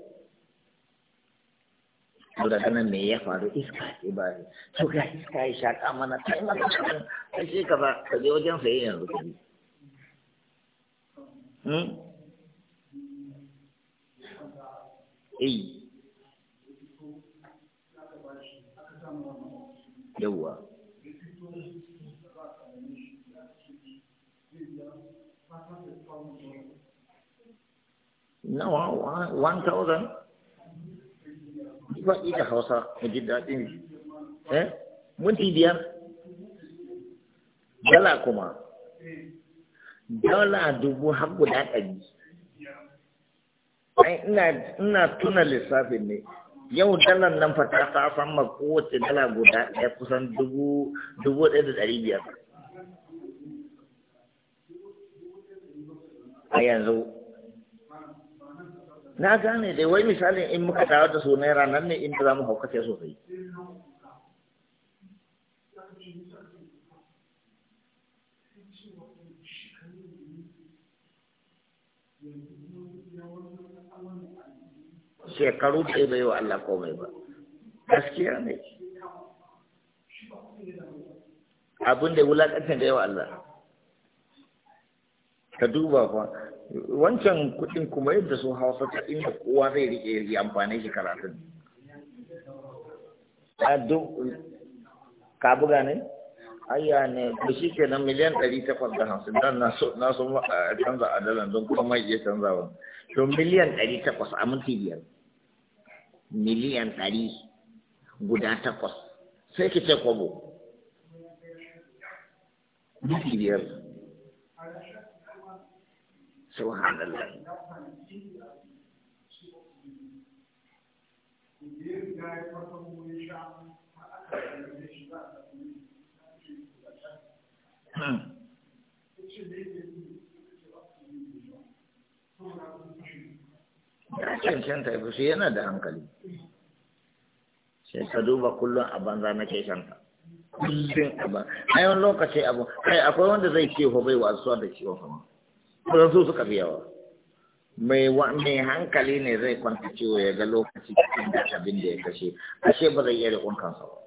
da ganin me ya faru iska ce ba ne to ga iska ya shaƙa mana ta yi maka cikin ta ce ka ba ka je wajen sayi yanzu ka bi eh hmm? yawwa nawa thousand? ba ita hausa mu ji ne eh minti biyar dala kuma dala dubu har guda ɗari ai eh, ina ina tuna lissafin ne yau dalar nan fa ta ta sama kowace dala guda ɗaya kusan dubu dubu ɗaya da ɗari biyar a yanzu na gane dai wai misalin in muka dawo da su naira nan ne inda za mu haukace sosai shekaru ɗaya bai wa Allah komai ba gaskiya ne abin da wulaƙantar da yawa Allah ka duba fa wancan kuɗin kuma yadda sun hawa ta inda kowa zai rike ya amfani shi karatun a duk ka buga ne ayya ne da shi ke nan miliyan ɗari takwas da hamsin dan na sun canza adalan don kuma mai iya ba. to miliyan ɗari takwas a minti biyar miliyan ɗari guda takwas sai ki ce kwabo minti biyar subhanallah Hmm. ya cancanta ba su yana da hankali sai ka duba kullum a banza na ke shanta kullum a banza a lokaci abu kai akwai wanda zai ce hobai bai wasuwa da ciwon fama kusan su suka fi yawa mai mai hankali ne zai kwanta ciwo ya ga lokaci cikin da abin da ya kashe ashe ba zai yare riƙon kansa ba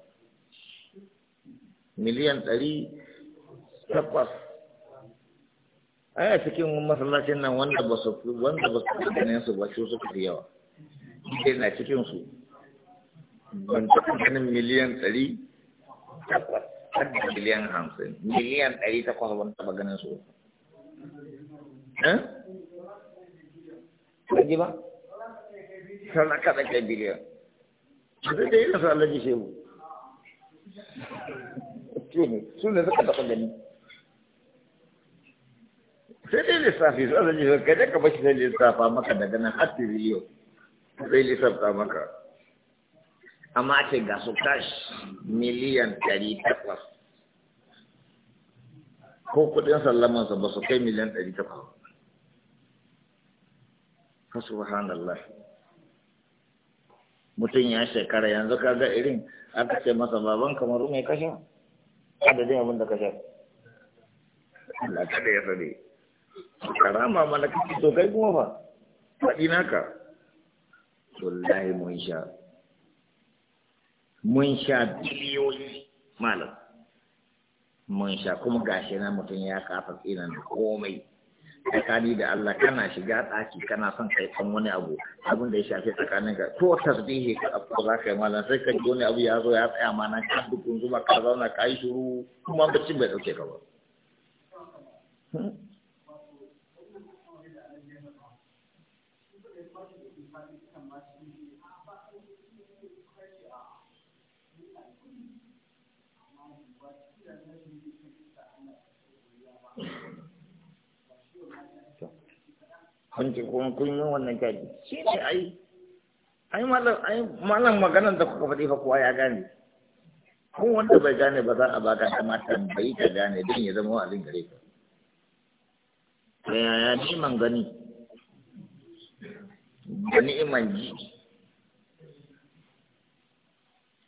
miliyan ɗari takwas ai a cikin masallacin nan wanda ba su wanda ba su ganin su ba su suka fi yawa sai na cikin su ban taɓa ganin miliyan ɗari takwas har da miliyan hamsin miliyan ɗari takwas ban taɓa ganin su Kaji ba? Sana kada kai biliyan. Su ne suka taɓa gani. Sai dai lissafi su Kai bashi sai lissafa maka daga nan Sai lissafta maka. Amma ce ga su kashi miliyan ɗari Ko kuɗin sallamansa ba su kai miliyan subhanallah mutum ya shekara yanzu ka ga irin aka ce masa baban kamaru mai kasha adadin abin da kasha Allah da ya sani karama mana kake to kai kuma fa faɗi naka wallahi mun sha mun sha biliyoyi malam mun sha kuma gashi na mutum ya kafa tsinan komai tsakani da Allah kana shiga ɗaki kana son kai kan wani abu abin da ya shafi tsakanin ka ko tasbihi ka abu za ka yi malam sai ka ji wani abu ya zo ya tsaya ma na ka dukun zuma ka zauna ka yi shuru kuma bacci bai dauke ka ba hmm? hanci kuma kun yi wannan kaji shi ne a ai malam ai malam maganar da kuka faɗi fa kuwa ya gane kun wanda bai gane ba za a baka mata bai ka gane don ya zama wa'azin gare ka ya yaya niman gani da ni'iman ji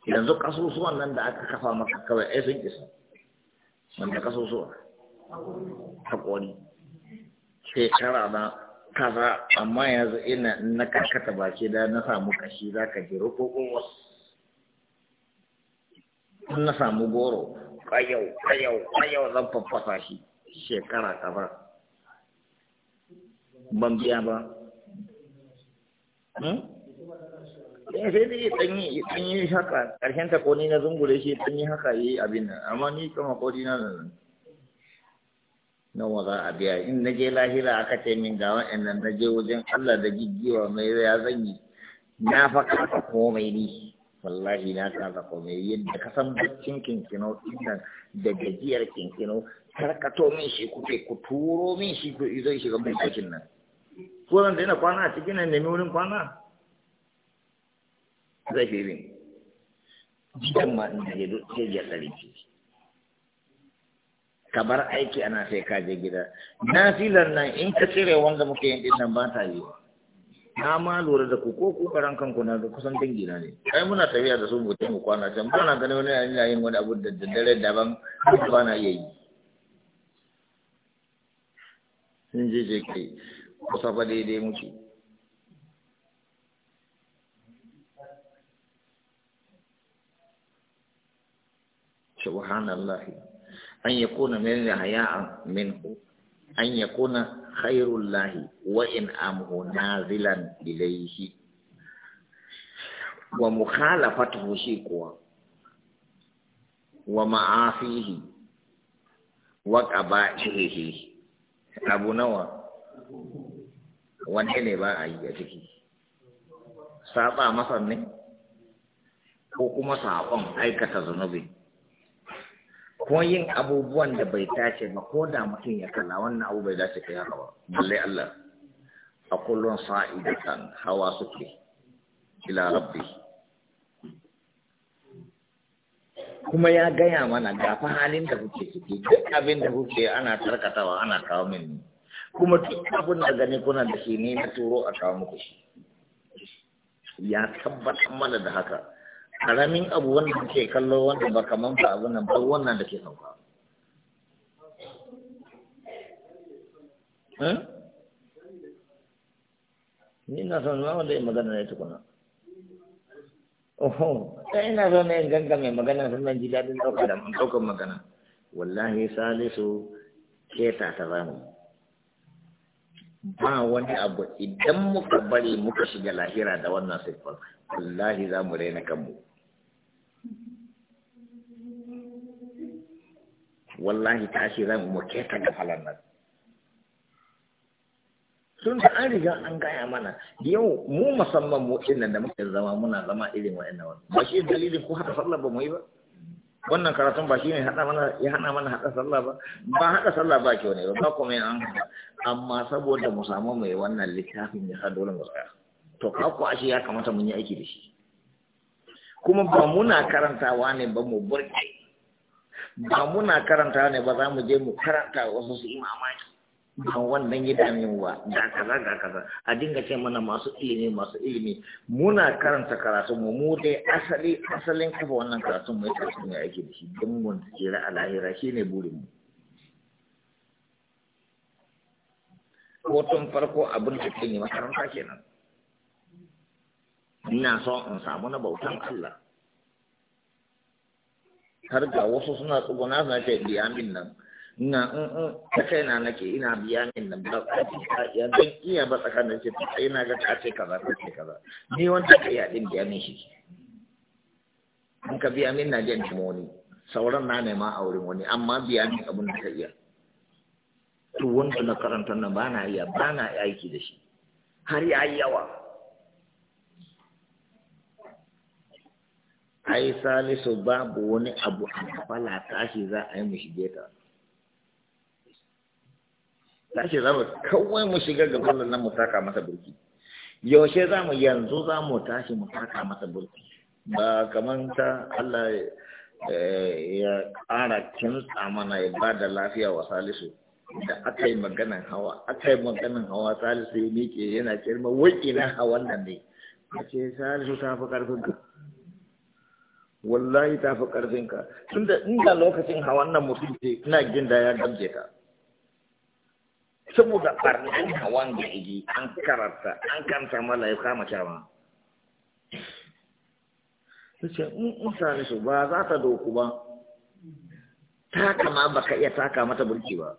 yanzu kasusuwan nan da aka kafa maka kawai ai sun isa wanda kasusuwa kori shekara na kaza amma yanzu ina na karkata baki da na samu kashi za ka ji rukukun in na samu goro kayau kayau kayau zan faffasa shi shekara kaza ban biya ba hmm? eh, sai dai ya tsanyi tsanyi haka ƙarshen ta ko ni na zungure shi tsanyi haka yi abin nan amma ni kama ko na nan wa za a biya in na je lahira aka ce min ga nan na je wajen Allah da jijjiwa mai ya yi. na fa kasa komai ne wallahi na kasa komai yadda ka san baccin kinkino dinnan da gajiyar kinkino karkato min shi kuke ku turo min shi ku izo shi ga bukacin nan ko da daina kwana a cikin nan nemi wurin kwana zai fi bin gidan ma in da ya dutse ya tsari. ciki ka bar aiki ana sai ka je gida nafilar nan in ka cire wanda muke yin dinnan bata ba ta yi na ma lura da ku ko ku karan kanku na da kusan dangi na ne ai muna tafiya da su mutum mu kwana can ba na ganin wani yana yin wani abu da daddare daban ba na yi sun je je kai kusa fa daidai muke subhanallahi an yakuna min min ku. an yakuna khairul lahi wa in amhu nazilan ilayhi wa mukhalafatuhu shi kuwa wa ma'afihi wa qaba'ihi abu nawa Wani ne ba a yi a ciki saba masa ne ko kuma saƙon aikata zunubin? ko yin abubuwan da bai tace ba ko da mutum ya kalla wannan abu bai dace kai haka ba balle Allah a kullun sa'idatan hawa suke ila rabbi kuma ya gaya mana gafa halin da kuke ciki duk abin da kuke ana tarkatawa ana kawo min kuma duk abin da gani kuna da shi ne na turo a kawo muku shi ya tabbatar mana da haka karamin abu wanda ke kallo wanda ba kaman ba abu nan ba wannan da ke sauka hmm? ni na son ma wanda ya magana ne tukuna oho ta ina na ne ganga mai magana sannan ji daɗin ɗauka da ɗaukar magana wallahi salisu keta ta zamu ba wani abu idan muka bari muka shiga lahira da wannan siffar wallahi za mu raina kanmu wallahi tashi za mu maketa da halar nan sun da an riga an gaya mana yau mu musamman mu inda da muke zama muna zama irin wa'annan ba shi dalilin ko haka sallah ba mu yi ba wannan karatun ba shi ne mana ya hana mana haɗa sallah ba ba haɗa sallah ba kyau ne ba kuma yin an amma saboda mu samu mai wannan littafin ya sa dole mu tsaya to ku ashe ya kamata mun yi aiki da shi kuma ba muna karantawa ne ba mu burge ba muna karantawa ne ba za mu je mu karanta wasu su yi mamaki ba wannan yi dame mu ga kaza ga kaza a dinga ce mana masu ilimi masu ilimi muna karanta karatu mu mu dai asali asalin kafa wannan karatun mu yake sun aiki da shi don mun tsira a lahira ne burin mu ko farko abin da ke yi makaranta kenan ina so in samu na bautan Allah har ga wasu suna tsuguna suna ce biya min nan ina in mm, in mm, ta kai na nake ina biya min nan ba ka ci ka ya zan iya ba tsakanin ce ta ina ga ka ce kaza ka ce kaza ni wanda ka iya din biya min shi in ka biya min na jan wani sauran na nema a wurin wani amma biya min abin da ka iya to wanda na karanta nan ba na iya ba na aiki da shi har ya yi yawa ai salisu babu wani abu a kafala tashi za a yi mu shige ta tashi za mu kawai mu shiga ga gaban nan mu taka masa burki yaushe za mu yanzu za mu tashi mu taka masa burki ba kamar ta Allah eh, ya ƙara kinsa mana ya ba da lafiya wa salisu da aka yi maganan hawa aka yi maganan hawa salisu ya miƙe yana kirma wai hawan nan ne a ce salisu ta fi ƙarfin ka wallahi ta fi ƙarfinka tunda inda lokacin hawan nan mutum ce ina jin da ya gamje ka saboda ɓarnan hawan da igi an karanta an kanta mala ya kama kyama su ce in mm, mutane su ba za ta doku ba ta kama baka iya taka mata burki ba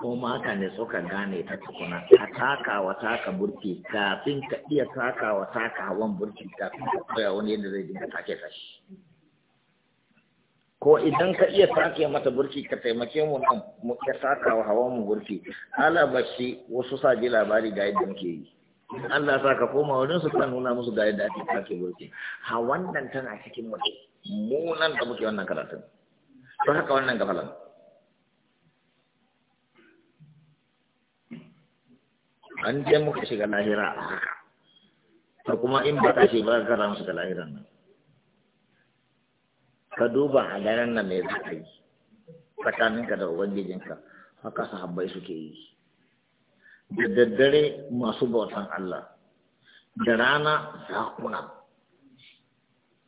ko mata ne suka gane ta tukuna ka taka wa taka burki kafin ka iya taka wa taka hawan burki kafin ka koya wani yadda zai dinga take ta shi ko idan ka iya take mata burki ka taimake mu nan mu iya taka wa hawan mu burki ala bashi wasu sa ji labari ga yadda muke yi Allah sa ka koma wurin su ka nuna musu ga yadda ake take burki hawan nan tana cikin mu mu nan da muke wannan karatun to haka wannan gafalan an je muka shiga lahira a haka ta kuma in ba ka shiga ka ramu shiga lahiran nan ka duba a ganin nan mai zaka yi tsakaninka da ubangijinka haka sahabbai suke yi da daddare masu bautan Allah da rana zakuna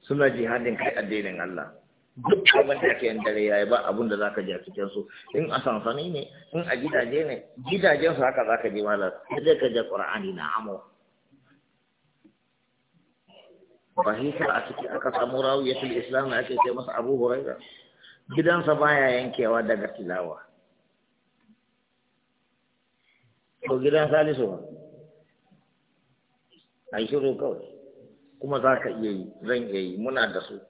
suna jihadin kai addinin Allah duk abin da ke dare yayi ba abin da zaka ji a cikin su in a sansani ne in a gidaje ne gidajen su haka zaka ji malam sai ka ji qur'ani na amo ba hisa a ciki aka samu rawiyatul islam ake ce masa abu huraira gidansa baya yankewa daga tilawa to gidan salisu a yi shiru kawai kuma za ka iya yi zan iya yi muna da su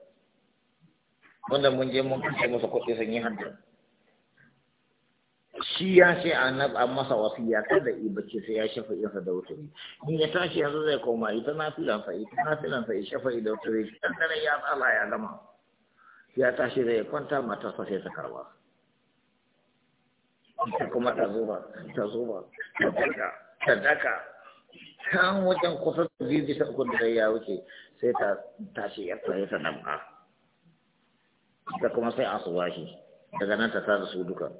wanda mun je mun kashe masa kuɗi sun yi hannu shi ya ce annab an masa wasiya kada i bace sai ya shafa iya da ne. in ya tashi yanzu zai koma ita na filansa ita na filansa ya shafa da wuturi kan dare ya tsala ya gama ya tashi zai kwanta mata sa sai ta karba ita kuma ta zuba ta zuba ta daka ta daka kan wajen kusa da biyu ta uku da ya wuce sai ta tashi ya tsaye ta damƙa da kuma sai a shi daga nan ta tada su duka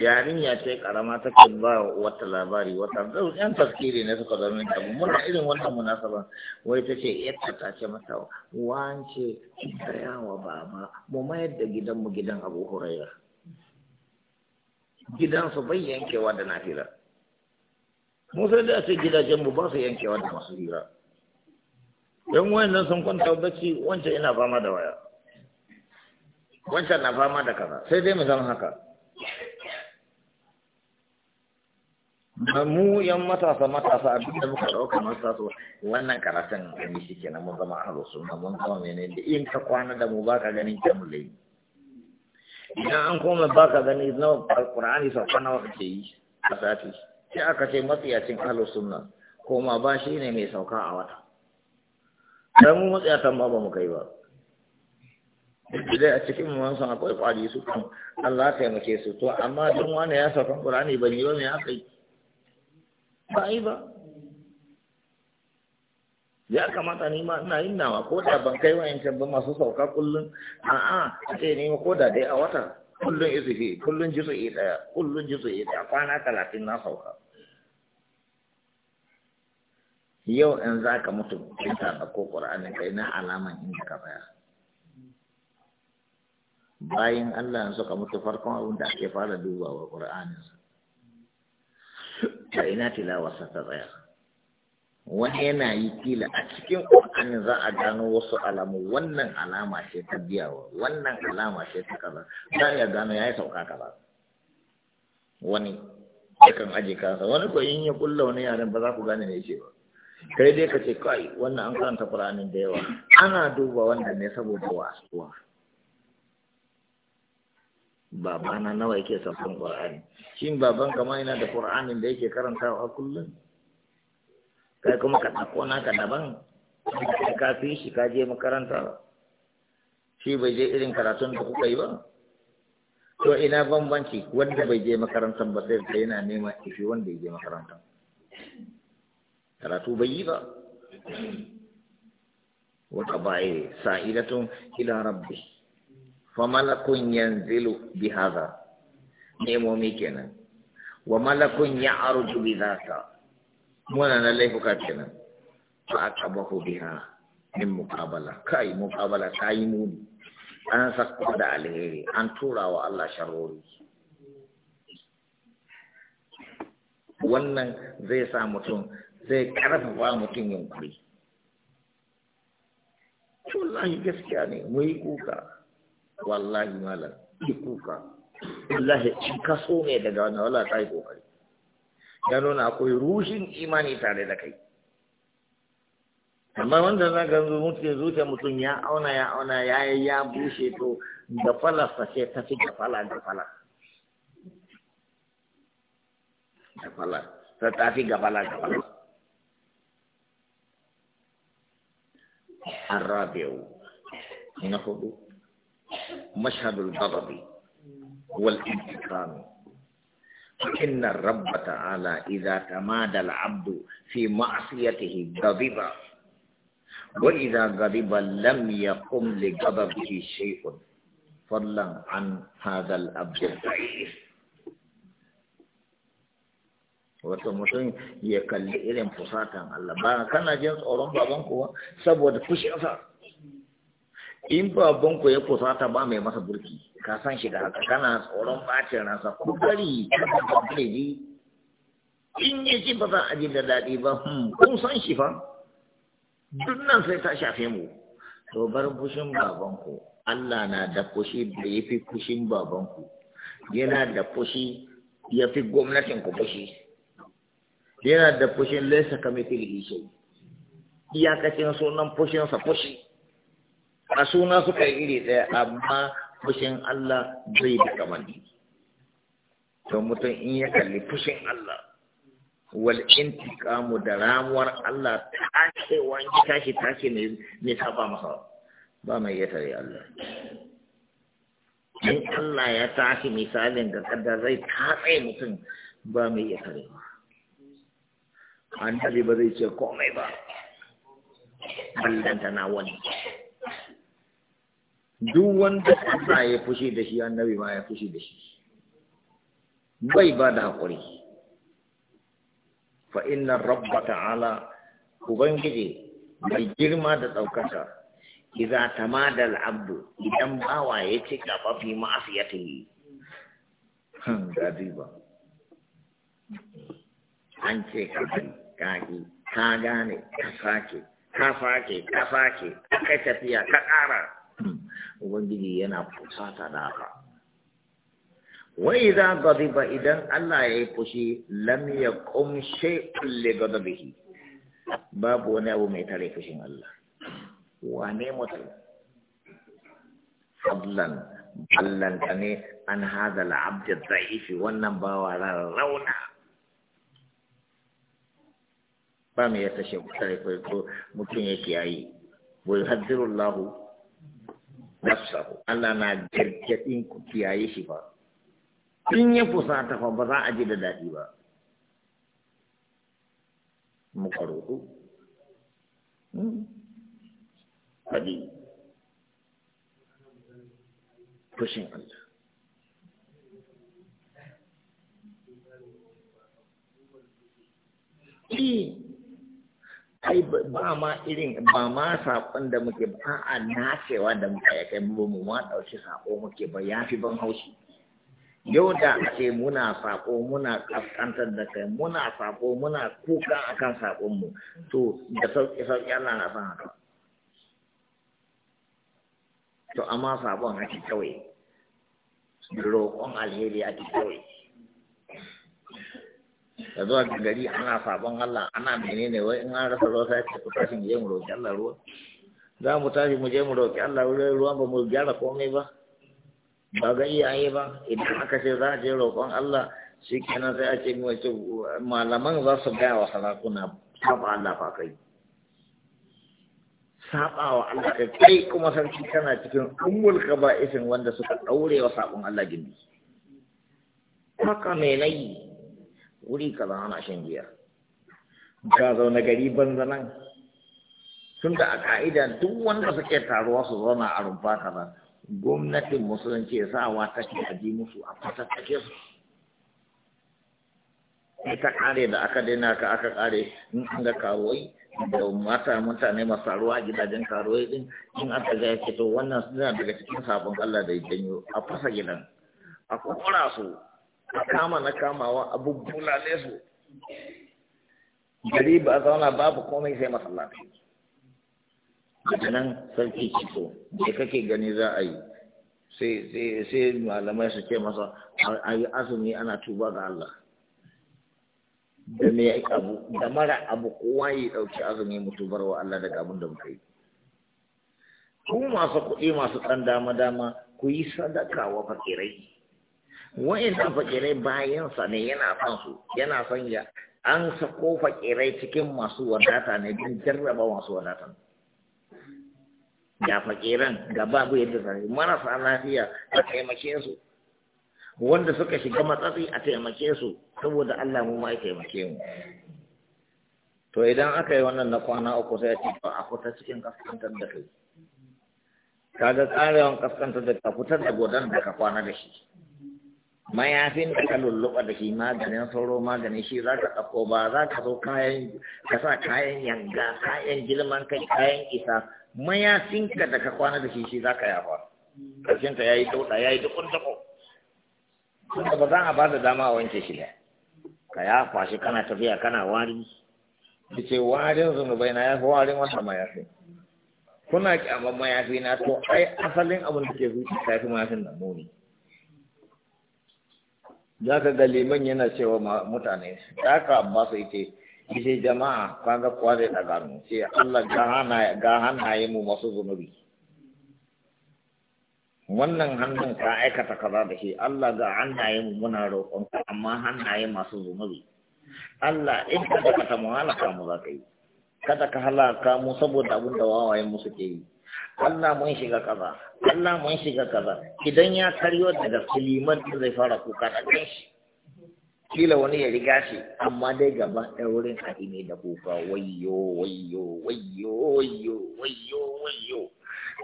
yarinya ce karama take ba wata labari wata yan taskiri ne suka zama abu. muna irin wannan munasaba wai ta ce ya ta ce mata wance kaya wa baba mu mayar da gidanmu gidan abu Gidan gidansu bai yankewa da nafira mu sai da ce gidajenmu ba su yankewa da masu hira don wayannan sun kwanta bacci wancan ina fama da waya wancan na fama da kaza sai dai mu zama haka mu yan matasa matasa abin da muka ɗauka matasa wannan karatun ne shi kenan mun zama rusu na mun zama mene da in ka kwana da mu baka ganin kyan lai idan an koma baka gani na alkur'ani sau kwana wa kake yi a sati sai aka ce matsiyacin ahlu sunna koma ba shi ne mai sauka a wata sai mu matsayatan ma ba mu kai ba dai a cikin mu san akwai kwari su kan Allah taimake su to amma don wani ya saka Qur'ani ban yi ba me aka yi ba yi ba ya kamata ni ma ina yin nawa ko da ban kai wayancan ba masu sauka kullum a'a sai ne ko da dai a wata kullum izufi kullum jisu ɗaya kullum jisu ɗaya kwana talatin na sauka yau in za ka mutu in da ko ƙura'anin kai na alaman inda ka tsaya bayan Allah suka mutu farkon abin da ake fara dubawa ƙura'aninsa ta ina tilawarsa ta tsaya wani yana yi kila a cikin ƙwa'anin za a gano wasu alamu wannan alama ce ta biyawa wannan alama ce ta kaza za a gano ya yi sauka kaza wani yakan aje kansa wani ko in ya kulla wani yaren ba za ku gane ne ce ba kai dai ka ce kai wannan an karanta ƙur'anin da yawa ana duba wanda ne saboda wasuwa babana nawa yake saukan ƙur'ani shin baban kama yana da ƙur'anin da yake karantawa kullum kai kuma ka ɗauko naka daban ka fi shi ka je makaranta shi bai je irin karatun da kuka yi ba to ina bambanci wanda bai je makarantar ba sai yana neman ishi wanda ya je makarantar karatu bai yi ba wata baye sa'idatun ila rabbi fa malakun yanzilu bi hadha nemomi kenan wa malakun ya'ruju bi dhaka muna na laifuka kenan fa aqabahu biha min muqabala kai muqabala kai muni an sakko da alheri an tura wa Allah sharori wannan zai sa mutum zai karfafa mutum yunkuri wallahi gaskiya ne mu yi kuka wallahi malam yi kuka wallahi in kaso ne daga wani wala ta yi kokari ya nuna akwai rushin imani tare da kai amma wanda za ga zuciya zuciya mutum ya auna ya auna ya yi ya bushe to da falasta ce ta fi da fala da fala da fala ta fi gabala gabala الرابع نهض مشهد الغضب والانتقام فإن الرب تعالى إذا تمادى العبد في معصيته غضب وإذا غضب لم يقم لغضبه شيء فضلا عن هذا الأبد الضعيف wato mutum ya kalli irin fusatan Allah ba kana jin tsoron baban kuwa saboda sa, in babanku ya fusata ba mai masa burki ka san shi da haka kana tsoron bacin ransa ko bari ka ji in ya ji ba za a da daɗi ba hmm, kun san shi fa duk nan sai ta shafe mu to bar fushin baban Allah na da fushi da ya fi fushin babanku. yana da fushi ya fi gwamnatin ku fushi yana da fushin laisa shi shi iyakacin sunan fushin sa fushi a suna suka yi iri ɗaya amma fushin Allah zai da kamanni to mutum in ya kalli fushin Allah wal intiqamu da ramuwar Allah ta take wani tashi tashi ne ne saba masa ba mai iya tare Allah in Allah ya tashi misalin da kada zai tatse mutum ba mai iya tare ba annabi ba zai ce komai ba ballanta na wani duk wanda Allah ya fushi da shi annabi ma ya fushi da shi bai ba da haƙuri fa ina rabba ta'ala ubangiji mai girma da iza ta ma da al'abdu idan bawa ya ci gaba fi ma'asiyatihi ga ba an ce ka bari kaki ka gane ka sake ka sake ka sake ka tafiya ka kara ubangiji yana fusata da haka wa idza ba idan Allah ya yi fushi lam yaqum shay'un li ghadabihi babu wani abu mai tare fushin Allah wane mutum fadlan ballanta ne an hada al'abd da ifi wannan bawa rauna bami ya tashe mutane ko mutum ya kiyaye wa yuhaddiru Allah nafsahu Allah na gargadin ku kiyaye shi ba in ya fusata fa ba za a ji da dadi ba muka roƙo hadi hmm? fushin Allah Ki eh. kai ba ma irin ba ma saƙon da muke ba a nacewa da muka ya kai mu ma ɗauki saƙo muke ba ya fi ban haushi yau da a ce muna saƙo muna ƙasƙantar da kai muna saƙo muna kuka akan saƙonmu to da sauƙi sauƙi Allah na san haka to amma saƙon ake kawai roƙon alheri a ke kawai da zuwa ga gari ana sabon Allah ana menene wai in an rasa ruwa sai ku tashi mu je mu roƙi Allah ruwa za mu tashi mu je mu roƙi Allah ruwa ba mu gyara komai ba ba ga yi ba idan aka ce za a je roƙon Allah shi kenan sai a ce mace malaman za su gaya wa sarakuna saba Allah fa kai saba wa Allah kai kai kuma sarki kana cikin ummul qaba'isin wanda suka daure wa sabon Allah gindi haka me nayi wuri kaza ana shan giya ga zaune gari banza nan sun da a ka'ida duk wanda suke taruwa su zauna a rumfa kaza gwamnatin musulunci sawa take a ji musu a fatattake su ta kare da aka daina ka aka kare in an ga karuwai da mata mutane masu taruwa a gidajen karuwai din in aka ga yake to wannan suna daga cikin sabon Allah da ya janyo a fasa gidan a kokora su a kama na kamawa a su gari ba a zauna babu komai sai masallaci A nan sarki ciko da kake gani za a yi sai malamai su ce masa a yi azumi ana tuba ga Allah da mara abu kowa yi ɗauki azumi mu tubar wa Allah daga abin da muka yi ku masu kuɗi masu ɗan dama-dama ku yi sadaka wa fakirai wa'annan fakirai bayansa ne yana son su yana son ya an sako fakirai cikin masu wadata ne don jarraba masu wadata ga fakiran ga babu yadda zai marasa lafiya a taimake su wanda suka shiga matsatsi a taimake su saboda Allah mu ma taimake mu to idan aka yi wannan na kwana uku sai ce a fita cikin kaskantar da kai kaga tsarewan kaskantar da ka fitar da godan da ka kwana da shi mayafin da ka lulluɓa da shi maganin sauro maganin shi za ka ɗauko ba za ka zo kayan ka sa kayan yanga kayan girman kai kayan isa mayafin ka da ka kwana da shi shi za ka yafa ƙarshen ta yayi dauɗa yayi dukun dako tunda ba za a ba da dama a wanke shi ne ka yafa shi kana tafiya kana wari da ce warin zunubai na yafi warin wannan mayafin kuna ƙyamar mayafi na to ai asalin abin da ke zuci kafin mayafin da muni za ka ga liman yana cewa mutane da ka ba su ishe jama'a kwanga kuwa zai daga mu ce Allah ga hannaye mu masu zunubi wannan hannun ka aikata kaza da shi Allah ga hannaye mu muna ka amma hannaye masu zunubi Allah in ka da mu halaka mu za ka yi kada ka halaka mu saboda abin da wawaye mu suke yi Allah mun shiga kaza Allah mun shiga kaza idan ya karyo daga da zai fara kuka da kanshi kila wani ya riga shi amma dai gaba ɗaya wurin haɗi ne da kuka wayyo wayyo wayyo wayyo wayyo wayyo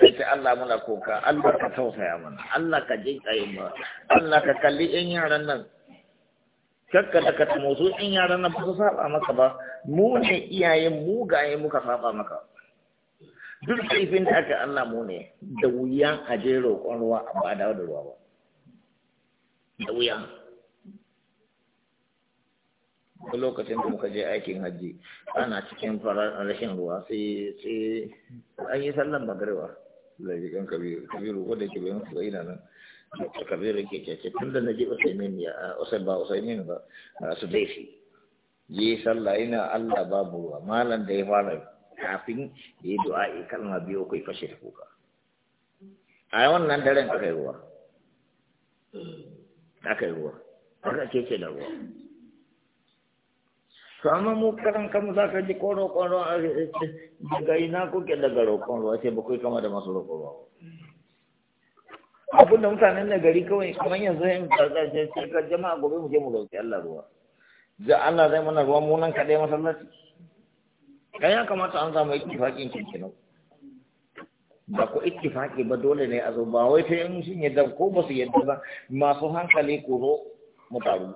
sai ta Allah muna kuka Allah ka tausaya mana Allah ka jin tsaye ma. Allah ka kalli ƴan yaran nan kakka da ka tumo su ƴan yaran nan ba su saba maka ba mu ne iyayen mugaye muka saba maka duk laifin da aka Allah mu ne da wuyan a je roƙon ruwa a ba da ruwa ba da wuyan ko lokacin da muka je aikin hajji ana cikin farar rashin ruwa sai sai an yi sallan magarewa laifin kabiru kabiru ko da ke bayan su ina nan kabiru ke cece tun da na je usaimin ya usai ba usaimin ba su daifi je sallah ina Allah babu ruwa malam da ya fara kafin ya yi du'a'i kalma biyu kai fashe da kuka a wannan daren aka yi ruwa aka yi ruwa aka ce da ruwa to amma mu karan kama za ka ji koro koro a daga ina kuke daga rokon ruwa ce bakwai kama da masu rokon ruwa abin da mutanen da gari kawai kamar yanzu yin karkashin sai jama'a gobe mu je mu roƙi Allah ruwa za Allah zai mana ruwa munan kaɗai masallaci kan ya kamata an samu ittifaƙin cikin ba ku ittifaƙi ba dole ne a zo ba wai ta yin shin yadda ko ba su yadda ba masu hankali ku zo mu taru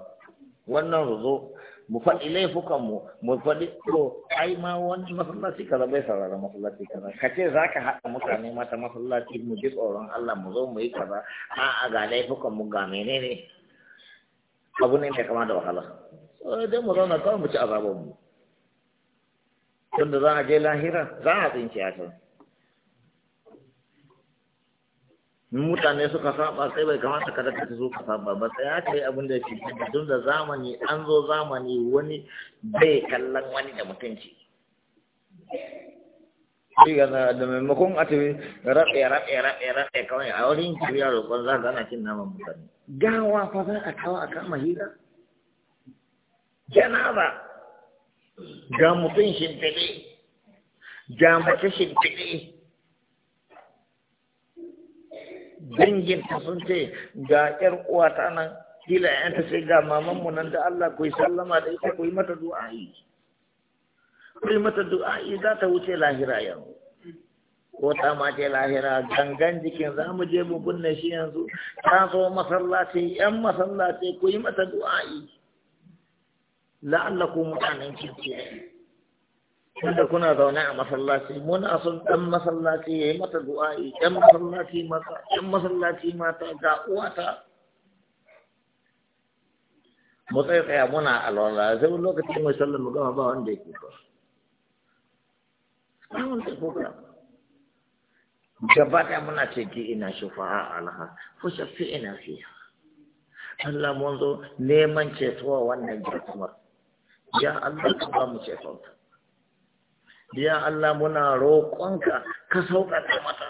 wannan zo mu faɗi laifukan mu mu faɗi ko ai ma wani masallaci kaza bai saurara masallaci kaza ka ce za ka haɗa mutane mata masallaci mu ji tsoron Allah mu zo mu yi kaza a ga laifukan mu ga menene abu ne mai kama da wahala sai dai mu zauna kawai mu ci azabar mu tunda za a je lahira za a tsinci a can mutane suka saba sai bai kamata kada ka zo ka saba ba sai ya kai abin da yake tun da zamani an zo zamani wani bai kallon wani da mutunci shi ga na da maimakon a tafi raɗe raɗe raɗe raɗe kawai a wurin kiriya roƙon za ka cin naman mutane gawa fa za a kawo a kama hira jana ba ga mutum shimfiɗe ga mace shimfiɗe danginta sun ce ga ƴar uwata nan kila ta ce ga mamanmu nan da Allah ku yi sallama da ita ku yi mata du'a'i ku yi mata du'a'i za ta wuce lahira yau, ko ta mace lahira gangan jikin za mu je mu binne shi yanzu ta so masallaci ƴan masallaci ku yi mata du'a'i la'allaku mutanen kirki tunda kuna zaune a masallaci muna son dan masallaci yayi mata du'a'i dan masallaci mata dan masallaci mata ga uwata mu tsaye tsaya muna alwala sai lokaci mai sallar mu gama ba wanda yake ba Gaba ɗaya muna ce ki ina shufa'a alaha, ko shafi ina fiya. Allah mun zo neman ceto wannan jarumar. ya Allah ka ba mu cefauta, ya Allah muna roƙonka ka sauƙaƙa mata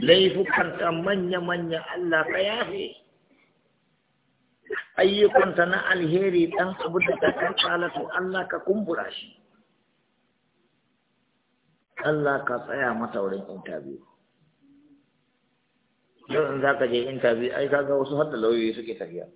laifukanta manya-manya Allah ka yafe ayyukanta na alheri ɗan abu da ta karɓa to Allah ka kumbura shi Allah ka tsaya mata wurin intabi. Yau in za ka je intabi, ai ka ga wasu hada lauyoyi suke tafiya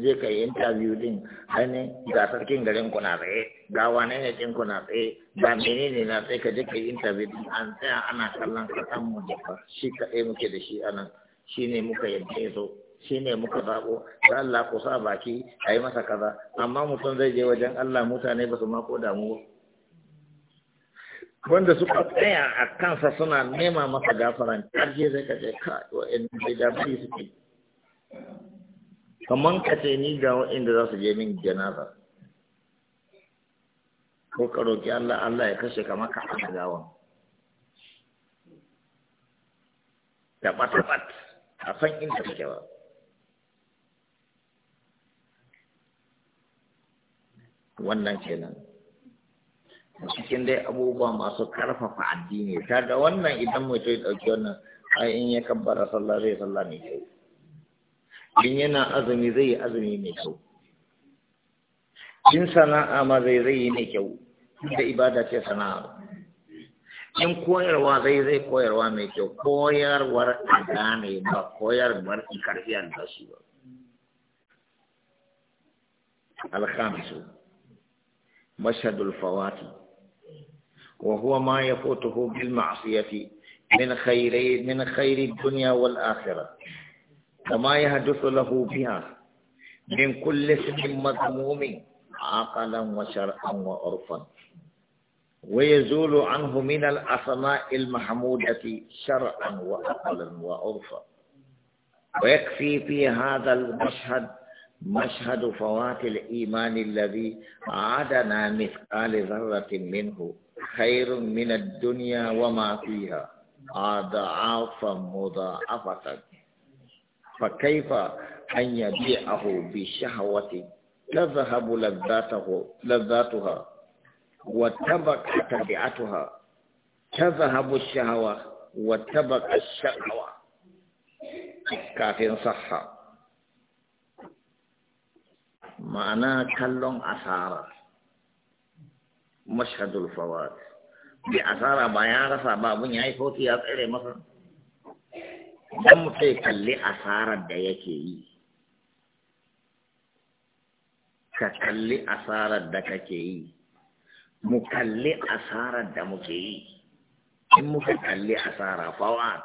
je ka yi interview din hannu ga sarkin garin ku na tsaye ga wane ne cin ku na tsaye ga mene ne na tsaye ka je ka yi interview din an tsaya ana kallon kasan mu da fa shi kaɗai muke da shi anan shi ne muka yanke so shi ne muka zaɓo da Allah ku sa baki a yi masa kaza amma mutum zai je wajen Allah mutane ba su ma ko damu wanda suka tsaya a kansa suna nema masa gafaran ƙarshe zai ka je ka wa'in da suke kamar ka ce ni ga waɗanda za su je min janaza ko ka roƙi Allah Allah ya kashe kamar ka ana gawan taɓa-taɓat a san inda kake ba wannan kenan cikin dai abubuwa masu karfafa addini Ta ga wannan idan mutum ya ɗauki wannan ai in ya kabbara sallah zai sallah mai kyau in yana azumi zai yi azumi mai kyau in sana'a ma zai zai yi mai kyau da ibada ce sana'a in koyarwa zai zai koyarwa mai kyau koyarwar a gane ba koyarwar ikarfi an su ba alhamisu mashadul fawati wa huwa ma ya yafutuhu bil ma'asiyati من خير من خير الدنيا والآخرة كما يحدث له بها من كل اسم مذموم عقلا وشرعا وعرفا ويزول عنه من الأسماء المحمودة شرعا وعقلا وعرفا ويكفي في هذا المشهد مشهد فوات الإيمان الذي عادنا مثقال ذرة منه خير من الدنيا وما فيها أضعافا مضاعفة فكيف أن يبيعه بشهوة تذهب لذاته لذاتها وتبقى تبعتها تذهب الشهوة وتبقى الشهوة كافٍ صحة معناه كلهم أثارة مشهد الفوات بأثارة بيارة فبابن يعيش فوتي أثارة مثلا idan mutum ya kalli asarar da yake yi ka kalli asarar da kake yi mu kalli asarar da muke yi in muka kalli asara fawa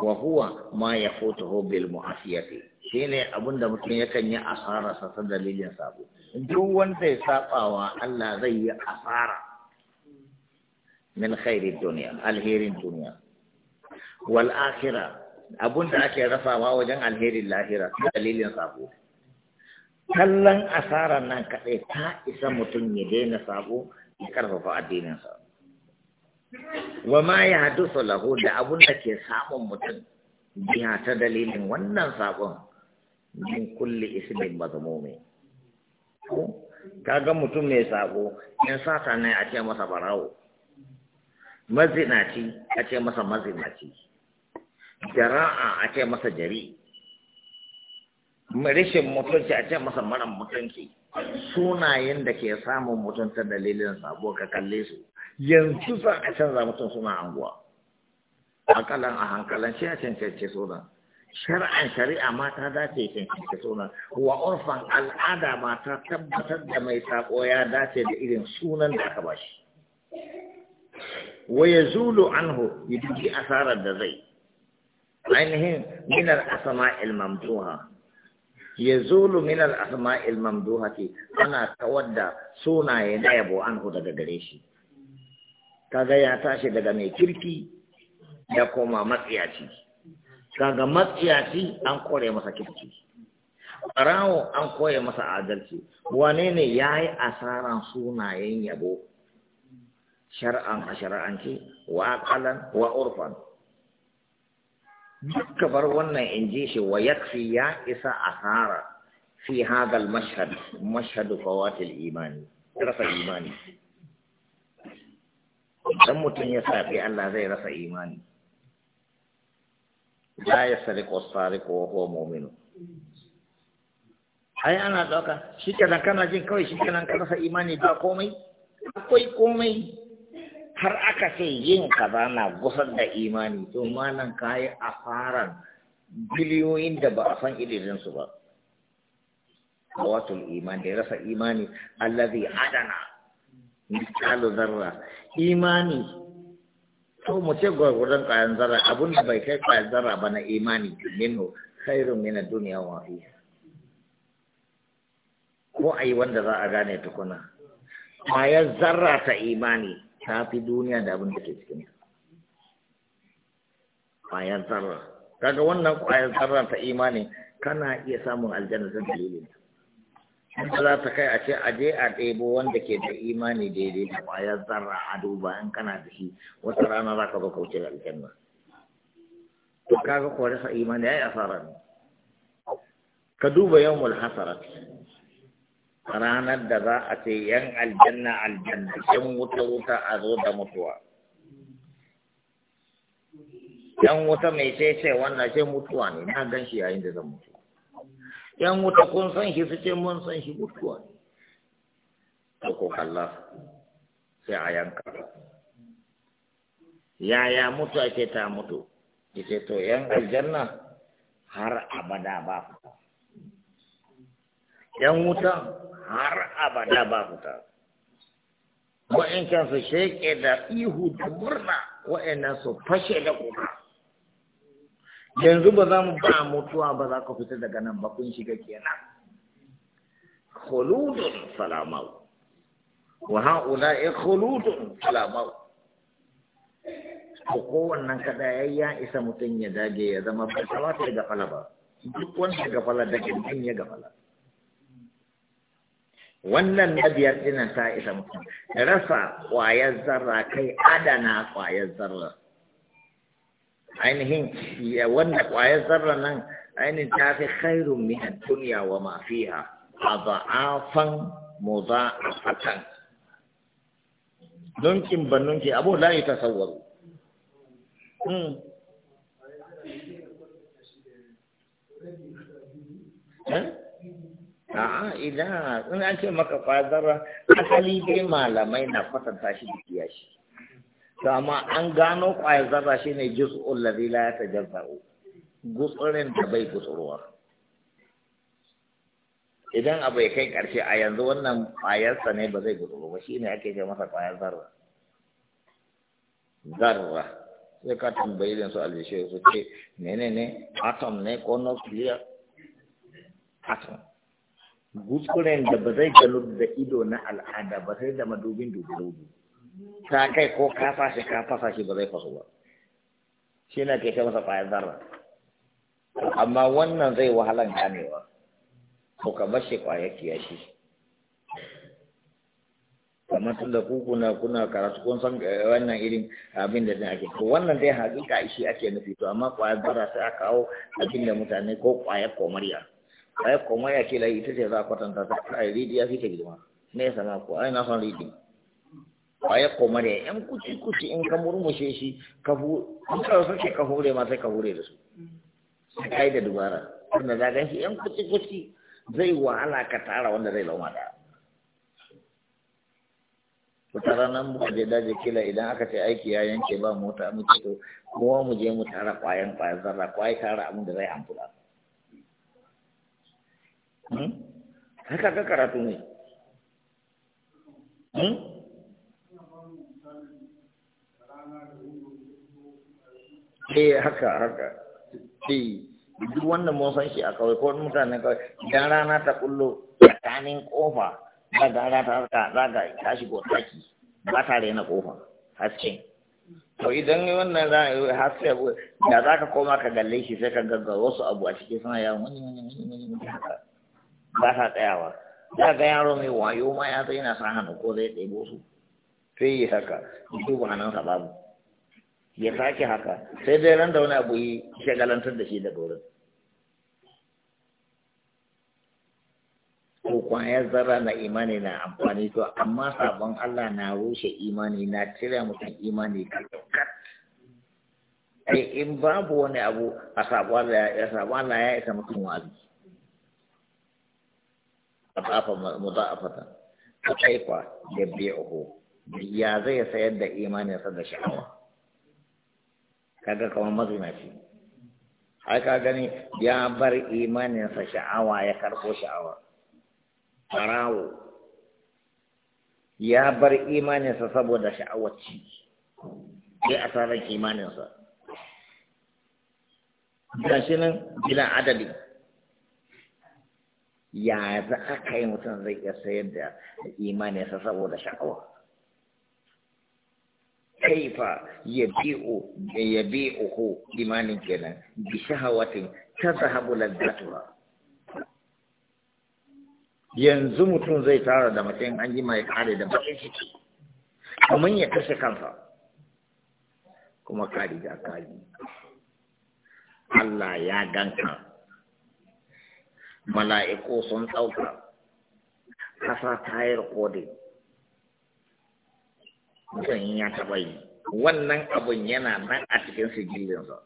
wa huwa ma ya foto bil mu'asiyati shine abin da mutum yakan yi asara ta dalilin sabo duk wanda ya sabawa Allah zai yi asara min khairin duniya alherin duniya wal akhirah da ake rafawa wajen alherin lahira dalilin sabo kallon asarar nan kaɗai ta isa mutum ya daina sabo ya karfafa addininsa wa ma ya dusa lahu da abun da ke samun mutum biya ta dalilin wannan sabon min kulli ismin mazmumi ga mutum mai sabo in sata ne a ce masa barawo mazinaci a ce masa mazinaci jara'a a ce masa jari rashin mutunci a ce masa mara mutunci sunayen da ke samun mutuntar dalilin sabo ka kalle su yanzu za a canza mutum suna anguwa akalan a hankalan shi a cancance sunan shari'an shari'a ma ta dace cancance sunan wa urfan al'ada ma ta tabbatar da mai sako ya dace da irin sunan da aka bashi wa Zulu anhu yadda asarar da zai ainihin minar asama ilmamduha ya zulu minar asama ilmamduha ce ana kawar sunaye na yabo an daga gare shi kaga ya tashi daga mai kirki ya koma matsiyaci kaga matsiyaci an kore masa kirki rawo an koya masa adalci wane ne ya yi asaran sunayen yabo shar'an a shar'anci wa kalan wa urfan duk bar wannan in ji shi wa yakfi ya isa asara fi hadal mashhad mashhad fawatil imani rasa imani dan mutum ya sabi Allah zai rasa imani la yasriqu sariqu wa huwa muminu. ai ana dauka shi kenan kana jin kawai shi kenan ka rasa imani ba komai akwai komai har aka ce yin kaza na gusar da imani to malam kayi asaran biliyoyin da ba a san idirin su ba kawatul iman da ya rasa imani allazi adana misalu zarra imani to mu ce gwargwadon kayan zarra abun da bai kai kayan zarra ba na imani minhu khairun min ad-dunya wa fiha ko yi wanda za a gane tukuna kayan zarra ta imani ta fi duniya da abin da ke cikin ƙwayar zarra kaga wannan ƙwayar zarra ta imani kana iya samun aljanna da dalilin ta za ta kai a ce a je a ɗebo wanda ke da imani daidai da ƙwayar zarra a duba in kana da shi wata rana za ka zo kauce da aljanna to kaga ko rasa imani ya yi asara ne ka duba yawan hasarat ranar da za a ce yan aljanna aljanna yan wuta wuta a zo da mutuwa yan wuta mai sai ce wannan ce mutuwa ne na gan shi yayin da zan mutu yan wuta kun san shi su ce mun san shi mutuwa ne ko kalla sai a yanka yaya mutu ake ta mutu ita to yan aljanna har abada ba yan wuta har abada ba fita wa'in kan su sheke da ihu da murna ina su fashe da kuka yanzu ba za mu ba mutuwa ba za ka fita daga nan ba kun shiga kenan khuludun salamau wa e khuludun salamau ko kowannan kada ya isa mutum ya dage ya zama ba kamata ya gafala ba duk wanda gafala da kin ya gafala wannan na biyar dinan ta isa mutum rasa ƙwayar zarra kai adana ƙwayar zarra ainihin wanda ƙwayar zarra nan ainihin ta fi khairun mihan duniya wa mafiya a za'afan mu za'afatan nunkin ban nunki abu la yi tasawwaru hmm. Eh? a'a idan in an ce maka fadara asali dai malamai na kwatanta shi da kiyashi to amma an gano kwaya zarra shine jisu ladhi la yatajazza'u gutsurin da bai gutsurwa idan abu ya kai karshe a yanzu wannan kwayarsa ne ba zai gutsuru ba shine ake ce masa kwayar zarra zarra sai ka tambayi su alishe su ce menene atom ne ko nuclear atom guskuren da ba zai gano da ido na al'ada ba sai da madubin dubu ta kai ko ka fashe ka fasa shi ba zai faso ba shi na ke ta masa ƙwayar zarra amma wannan zai wahalan ganewa ko ka bar shi ƙwayar kiyashi kamar tun da ku kuna kuna karatu kun san eh, wannan irin abin da ake to wannan dai hakika shi ake nufi to amma kwayar zarra sai aka kawo abin da mutane ko kwayar komariya ai kuma ya ke la ita ce za a kwatanta ta ai ridi ya fi ta girma me yasa na ku ai na san ridi ai kuma ne yan kuci kuci in ka murmushe shi ka hu in ka so ka hure ma sai ka hure da su sai yi da dubara Kuma za gan shi yan kuci kuci zai wahala ka tara wanda zai lauma da tara nan mu je je kila idan aka ce aiki ya yanke ba mota mu ce to kowa mu je mu tara kwayan kwayan zarra kwai tara abin da zai amfula Hmm? haka ga karatu ne hmm? eh haka haka eh duk wannan mun san shi a kawai ko mutane kawai idan rana ta kullo tsakanin kofa da gara ta haka za ka tashi ko taki ba ta na kofa haske. to idan wannan za a haske da za ka koma ka galle shi sai ka gaggawa wasu abu a cikin sana yawon wani wani wani wani haka ba sa tsayawa za ga yaro mai wayo ma ya zai na sa hannu ko zai ɗebo su sai yi haka su ba hannunsa babu ya sake haka sai dai ran da wani abu yi shagalantar da shi da wurin ko kwaya zarra na imani na amfani to amma sabon Allah na rushe imani na cire mutum imani kakkat ai in babu wani abu a sabon Allah ya isa mutum wa'azi adafa mudafata fa kaifa yabi'uhu ya zai sayar da imaninsa da sha'awa kaga kamar mazinaci ai ka gani ya bar imaninsa sha'awa ya karbo sha'awa farawo ya bar imaninsa saboda sha'awar ci sai asarar imaninsa gashi nan bila adadi ya za a kai mutum zai iya sayar da imaninsa saboda sha'awa kaifa ya bi'u ya imanin kenan bi shahawatin ta zahabu ladzatuha yanzu mutum zai tara da mace an ya mai kare da bakin ciki kamar ya kashe kansa kuma kari da kari Allah ya ganka mala'iku sun tsauka kasa ta yi rikodi. mutum ya taɓa yi wannan abun yana nan a cikin sigilinsa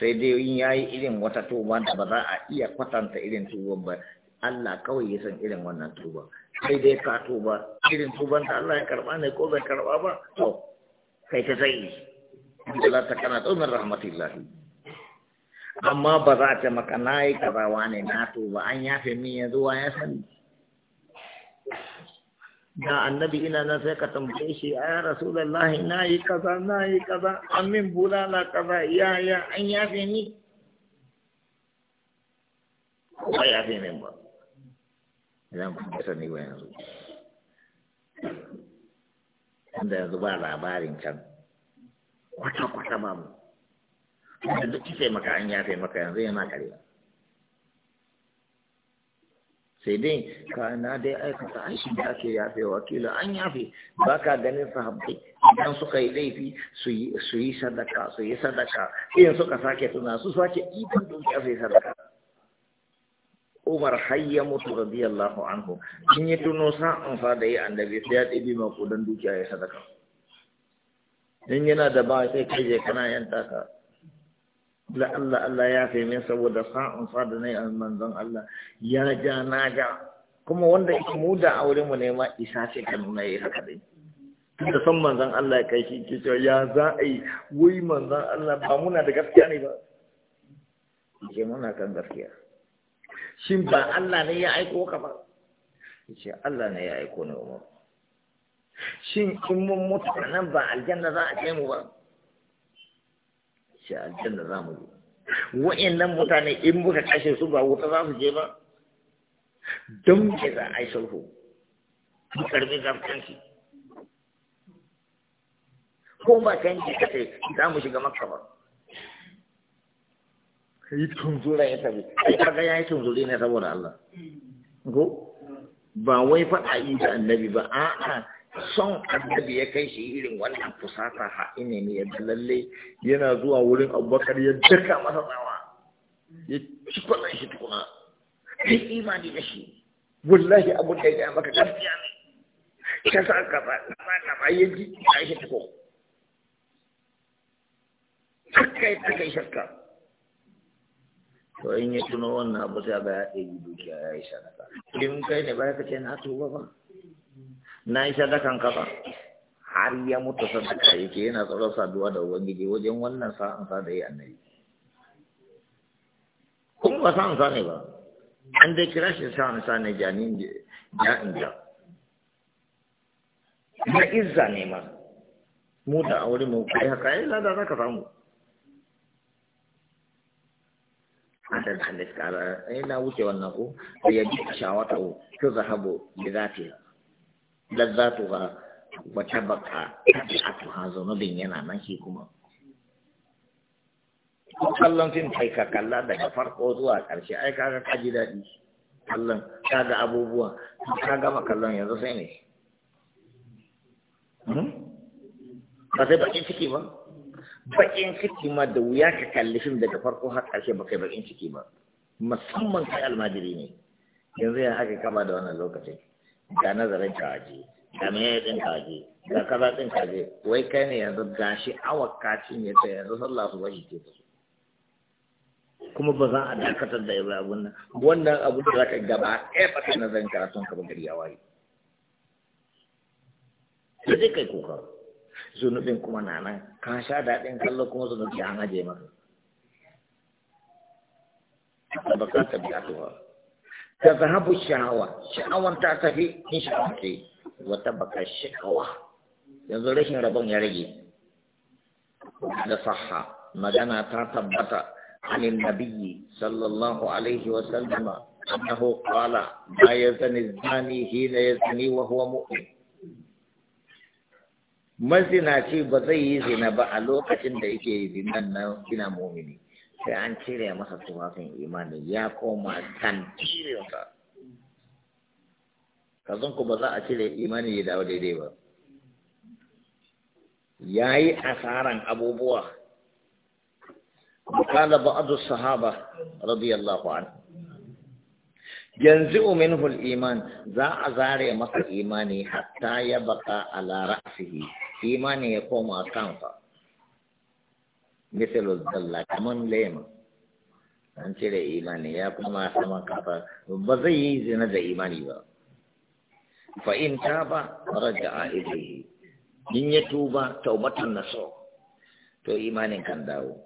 sai dai in ya yi irin wata tuba da ba za a iya kwatanta irin tuban ba Allah kawai ya san irin wannan tuba sai dai ka tuba irin tuban da Allah ya karba ne ko bai karba ba to kai ta sai Allah ta kana tsomin rahmatillahi amma ba za a ce maka na yi kazawa ne na tuba an yafe min ya zuwa ya sani da annabi ina nan sai ka tambaye shi a ya rasulullahi na yi kaza na yi kaza amin min bulala kaza ya ya an yafe ni ba yafe min ba idan kuma sani ba yanzu wanda yanzu ba labarin can kwata-kwata babu kuma duk sai maka an yafe maka yanzu yana karya sai dai ka na dai aikata an shi da ake yafe wakila an yafe ba ka ganin sahabbai idan suka yi laifi su yi sadaka su yi sadaka in suka sake suna su sake ikon dukiya su yi sadaka Umar har mutu radiyallahu anhu in yi tuno sa'an fa da yi annabi sai ya ɗibi makudan dukiya ya sadaka in yana da ba sai kai je kana yanta ka da Allah Allah ya fi ne saboda sa'un sa ne a manzon Allah ya ja na ja kuma wanda ya mu da aure mu ne ma isa ce ka nuna yi haka dai da san manzon Allah ya kai shi ke cewa ya za a yi wai manzon Allah ba muna da gaskiya ne ba ke muna kan gaskiya shin ba Allah ne ya aiko ka ba ce Allah ne ya aiko ne umar shin in mun mutu nan ba aljanna za a kai mu ba ce aljanna za mu je wa'annan mutane in muka kashe su ba wuta za su je ba don ke za a yi sulhu mu karbi zafkanki ko ba kan ji kace za mu shiga makka ba yi tunzura ya tabi ai kaga yayi tunzuri ne saboda Allah ko ba wai faɗa yi da annabi ba a'a son annabi ya kai shi irin wannan fusata ha ina ne yadda lalle yana zuwa wurin abubakar ya daka masa tsawa ya ci kwallon shi tukuna kai imani da shi wallahi abun da ya maka gaskiya ne ka sa ka ba ka ba ya ji ka shi tuko kai ta kai shakka to in ya tuno wannan abu sai ba ya ɗaya dukiya ya yi sadaka in kai ne ba ka ce na tuba ba na yi sadakan kaza har ya mutu sadaka yake yana tsoron saduwa da ubangiji wajen wannan sa'an sa da ya annabi kuma ba sa'an sa ne ba an dai kira shi sa'an sa ne janin ja'in ja na izza ne ma mu da aure mu kai haka yi lada za ka samu hadar kara, ina wuce wannan ko ya ji shawata ko ta zahabu da zafiya wata lazzatuha wa tabaka tabi'atuha zanubin yana nan shi kuma kallon fim kai ka kalla daga farko zuwa ƙarshe ai kaga ka ji daɗi kallon ga abubuwa ka gama kallon yanzu sai ne hmm? ba sai bakin ciki ba bakin ciki ma da wuya ka kalli fim daga farko har ƙarshe ba kai bakin ciki ba musamman kai almajiri ne yanzu ya haka kaba da wannan lokacin ga nazarin kaji ga meye din kaji ga kaza din kaji wai kai ne yanzu gashi awar kacin ya sai yanzu sallah su wani ke su kuma ba za a dakatar da yanzu abun nan wannan abu da ka gaba ɗaya ba kai nazarin karatun ka ba gari ya waye ka je kai kuka zunubin kuma na nan ka sha daɗin kallo kuma zunubi an aje maka ba ka tabi a tuwa tazhabu zahabu sha'awa sha'awar ta tafi in sha'awa wata baka sha'awa yanzu rashin rabon ya rage da saha magana ta tabbata sallallahu alaihi wa sallama annahu qala ma قال zani يزني الزاني حين يزني وهو مؤمن ce ba zai yi zina ba a lokacin da yake zinan nan kina mumini sai an cire masa tufafin imani ya koma tantirinsa kazan ku ba za a cire imani ya dawo daidai ba ya yi asaran abubuwa kala ba'adu sahaba radiyallahu an yanzu minhu al-iman za a zare masa imani hatta ya baka ala ra'sihi imani ya koma kansa misalu zalla kaman lema an cire imani ya kuma saman kafa ba zai yi zina da imani ba fa in taba raja'a ilayhi in ya tuba taubatan naso to imanin kan dawo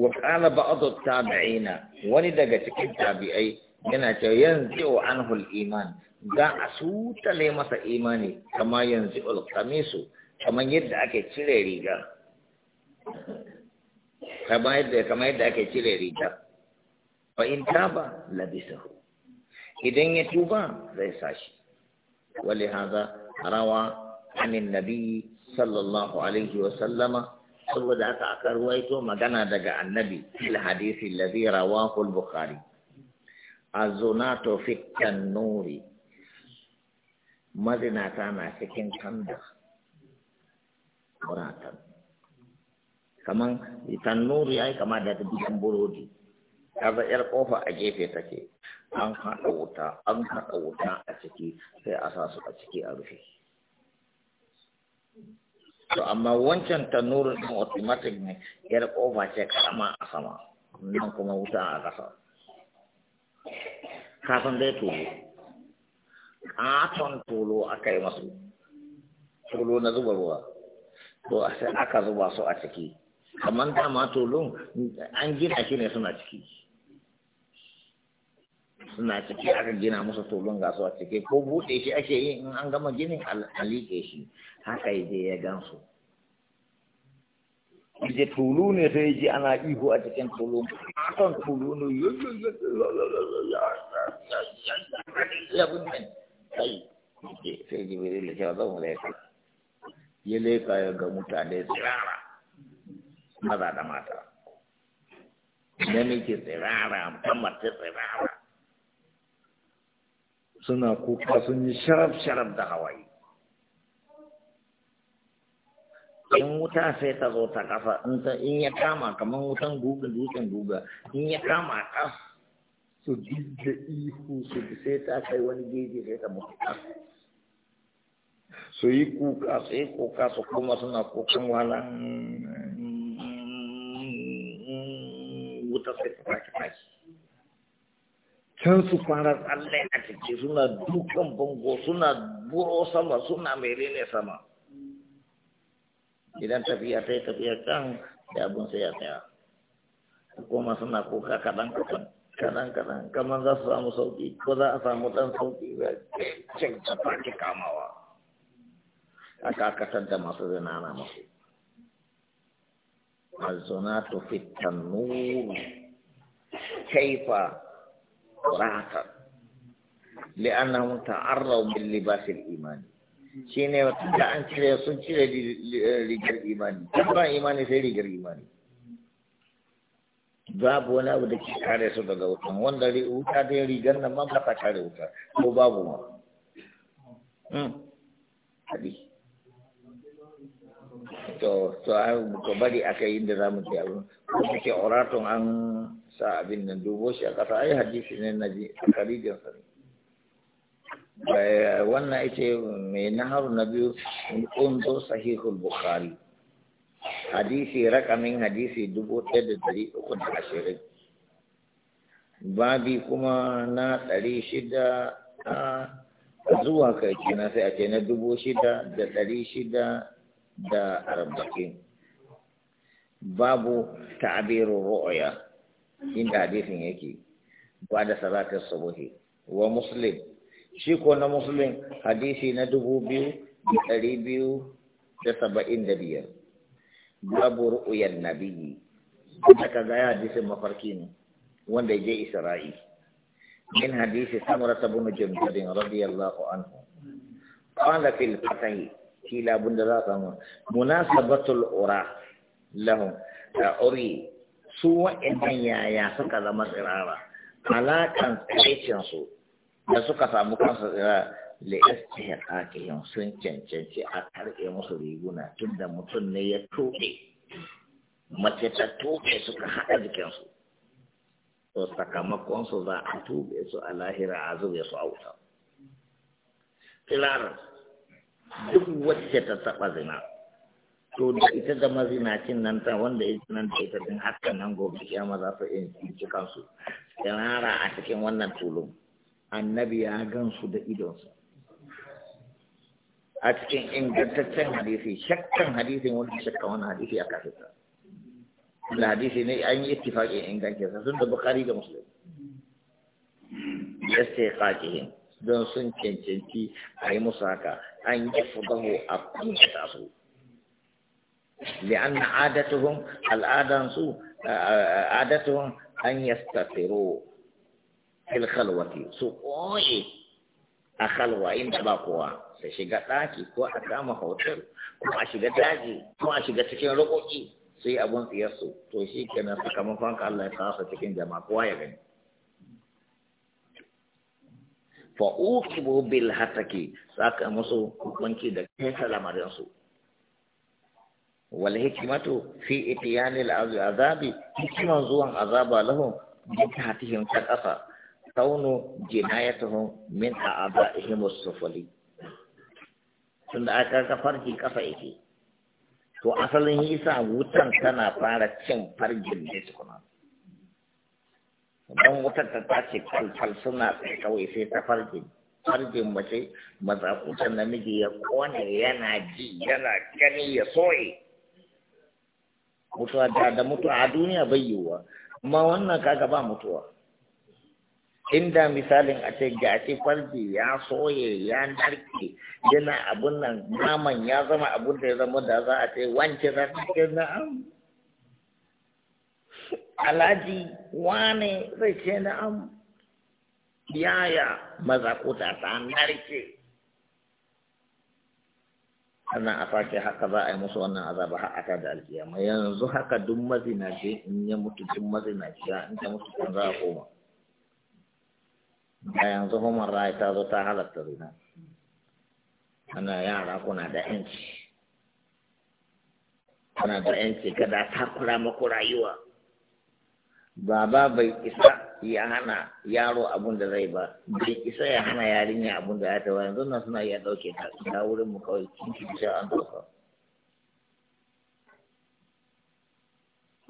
wa qala ba'd tabiina wani daga cikin tabi'ai yana cewa yanzu an al-iman za a sutale masa imani kama yanzu al-qamisu kamar yadda ake cire riga حمايد حمايد اكي چلے ریتا و ان تابا لبسه ادن يتوبا ريساشي ولهذا روا عن النبي صلى الله عليه وسلم سوى ذات اكر ويتو مدنا دقا النبي الحديث الذي رواه البخاري الزنات في التنور مدنا تانا سكين خندق مراتب kaman itan nuri ai kama da gidan burodi kaga yar kofa a gefe take an haɗa wuta an haɗa wuta a ciki sai a sa su a ciki a rufe to amma wancan tanuri ɗin automatic ne yar kofa ce kama a sama nan kuma wuta a ƙasa kafin dai tulu katon tulu aka yi masu tulu na zuba ruwa to sai aka zuba su a ciki kamar ma tolon an gina shi ne suna ciki suna ciki aka gina musu tulun ga su a ciki ko buɗe shi ake yi in an gama ginin alike shi haka yi je ya gansu ije tulu ne sai ji ana ihu a cikin tulu akan tulu ne ya sai ji bai zai zan ya ya ga mutane tsirara maza da mata namiji tsirara mace tsirara suna kuka sun yi sharaf-sharaf da hawaii in wuta sai ta zo ta kafa in in ya kama kamar wutan gugun dutsen guga in ya kama kas su da ihu su sai ta kai wani geji sai ta mutu su yi kuka su yi kuka su kuma suna kukan walan Kansu sai su can su fara tsalle a ciki suna dukan bango suna buro sama suna ne sama idan tafiya ta yi tafiya kan da abin sai ya tsaya kuma suna kuka kadan kadan kadan kadan kamar za su samu sauki ko za a samu ɗan sauki ga cin ta kamawa a kakatar da masu zinana masu الزنات في التنور كيف راحت لأنهم تعرضوا باللباس الإيماني shine da an cire sun cire rigar imani dabban imani sai rigar imani babu wani abu da ke kare su daga wutan wanda wuta da rigar nan ma ba ta kare wuta ko babu ma to to ai ko bari akai inda zamu ji abin ko kike oraton an sa abin nan dubo shi a kasa ai hadisi ne naji karijin sa ne eh, wannan ita mai naharu na biyu unzo sahihul bukhari hadisi rakamin hadisi dubu ɗaya da dari uku da ashirin babi kuma na ɗari shida a ah, zuwa kai kina sai a ce na dubu shida da ɗari shida da arba'in babu ta'abiru ru'ya inda hadisin yake ba da salatar subuhi wa muslim shi ko na muslim hadisi na dubu biyu dari ɗari biyu da saba'in da biyar babu ru'uyan nabiyyi aka ga ya hadisin mafarki ne wanda ya je isra'i min hadisi samurata bin jundabin radiyallahu anhu قال في fatahi kila abin da za a samu munasabatul ura lahum da uri su wa'annan yaya suka zama tsirara alaƙan tsaicin su da suka samu kansu tsirara li istihqaqihim sun cancanci a karɓe musu riguna tunda mutum ne ya tuɓe mace ta tuɓe suka haɗa jikinsu to su za a tuɓe su a lahira a zube su a wuta duk wacce ta taɓa zina to da ita da mazinacin nan ta wanda ya ci nan da ita din haka nan gobe kiyama za su in ci kansu rara a cikin wannan tulun annabi ya gansu da idonsa a cikin ingantaccen hadisi shakkan hadisin wanda shakka wani hadisi a kafita da hadisi ne an yi ittifaƙin ingancinsa sun da bukari da musulmi ya ce ƙaƙihin don sun cancanci a yi musu haka an yi fudahu a kuntata su li'anna adatuhum al'adansu adatuhum an yastafiru fil khalwati su koye a khalwa inda ba kowa sai shiga ɗaki ko a kama hotel ko a shiga daji ko a shiga cikin rokoki sai abun tsiyarsu to shi kenan sakamakon ka Allah ya kawo cikin jama'a kowa ya gani fa uqibu bil hataki saka musu hukunci da kaita lamarin su wal hikmatu fi ityanil azabi hikman zuwan azaba lahum bi ta kadafa kaunu jinayatuhum min a'daihim as-sufali tunda aka ka farki kafa yake to asalin isa wutan tana fara cin farjin ne tukuna don wutar ta tace kalfal suna tsaye kawai sai ta farjin farjin mace mazakutan namiji ya kone yana ji yana gani ya soye mutuwa da da mutuwa a duniya bai yiwuwa amma wannan kaga ba mutuwa inda misalin a ce ga ce farji ya soye ya narke yana abun nan naman ya zama abun da ya zama da za a ce wance za ta ke na'am alhaji wane zai ce na am yaya ko ta narke sannan a sake haka za a yi musu wannan azaba har aka da alkiyama yanzu haka duk mazinaci in ya mutu duk mazinaci in ta mutu kan za a koma da yanzu human rai ta zo ta halatta zina ana yara kuna da yanci kuna da yanci kada ta kura maku rayuwa baba bai isa ya hana yaro abun da zai ba bai isa ya hana yarinya abun da ya ta yanzu nan suna iya dauke ta ta wurin mu kawai kin ki sha an dauka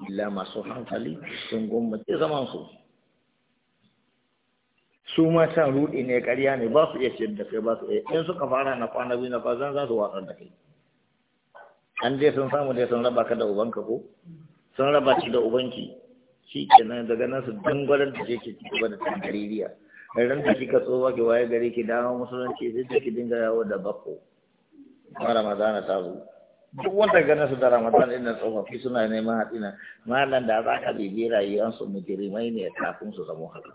illa masu hankali sun ce zaman su su ma can rudi ne ƙarya ne ba su iya ce da kai ba su iya in suka fara na kwana biyu na fasan za su watsar da kai an dai sun samu dai sun raba ka da ubanka ko sun raba shi da ubanki shi kenan daga nan su dangwalar da ke ci gaba da tangaririya ran da kika tsowa ki waye gari ki dawo musulunci sai da ki dinga yawo da bako ma ramadana ta zo duk wanda ganin su da ramadana ɗin tsofaffi suna neman haɗina malam da za ka bibi rayuwarsu mujirimai ne kafin su zamo haka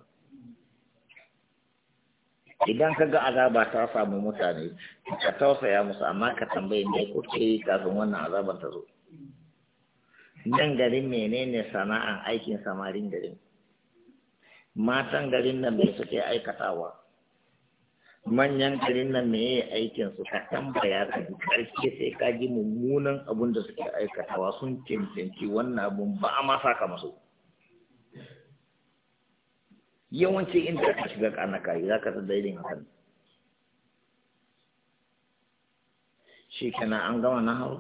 idan ka ga azaba ta samu mutane ka tausaya musu amma ka tambayi me kuke yi kafin wannan azabar ta zo nan garin menene sana'an aikin samarin garin matan garin nan me suke aikatawa manyan garin nan me aikin su ka tambaya ka karshe sai ka ji mummunan abun da suke aikatawa sun cancanci wannan abun ba a ma saka masu yawanci inda ka shiga kana kayi za ka san daidai hakan shi kenan an gama na hau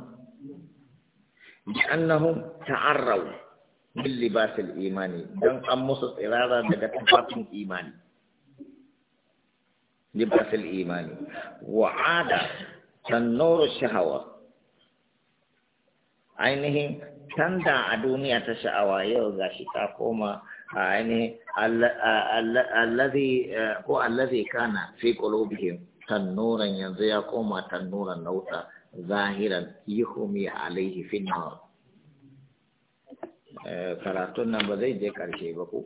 لأنهم تعروا باللباس الإيماني دم أمس إرادة دقت إيماني لباس الإيماني وعاد تنور الشهوة عينه تندع دنيا تشعوى يوغا شتاكوما عينه الذي هو الذي كان في قلوبهم تنورا ينزيكوما تنورا نوتا zahiran yihumi alaihi fin eh, karatun nan ba zai je karshe ba ko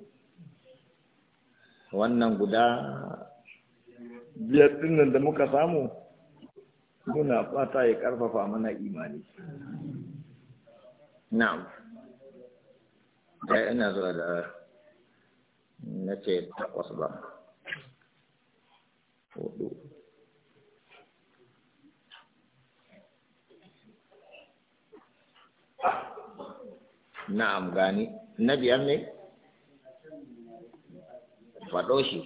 wannan guda biyar dinnan da muka samu muna fata ya karfafa mana imani na'am eh, ina zuwa da na ce takwas ba hudu na'am gani na biyar ne faɗo shi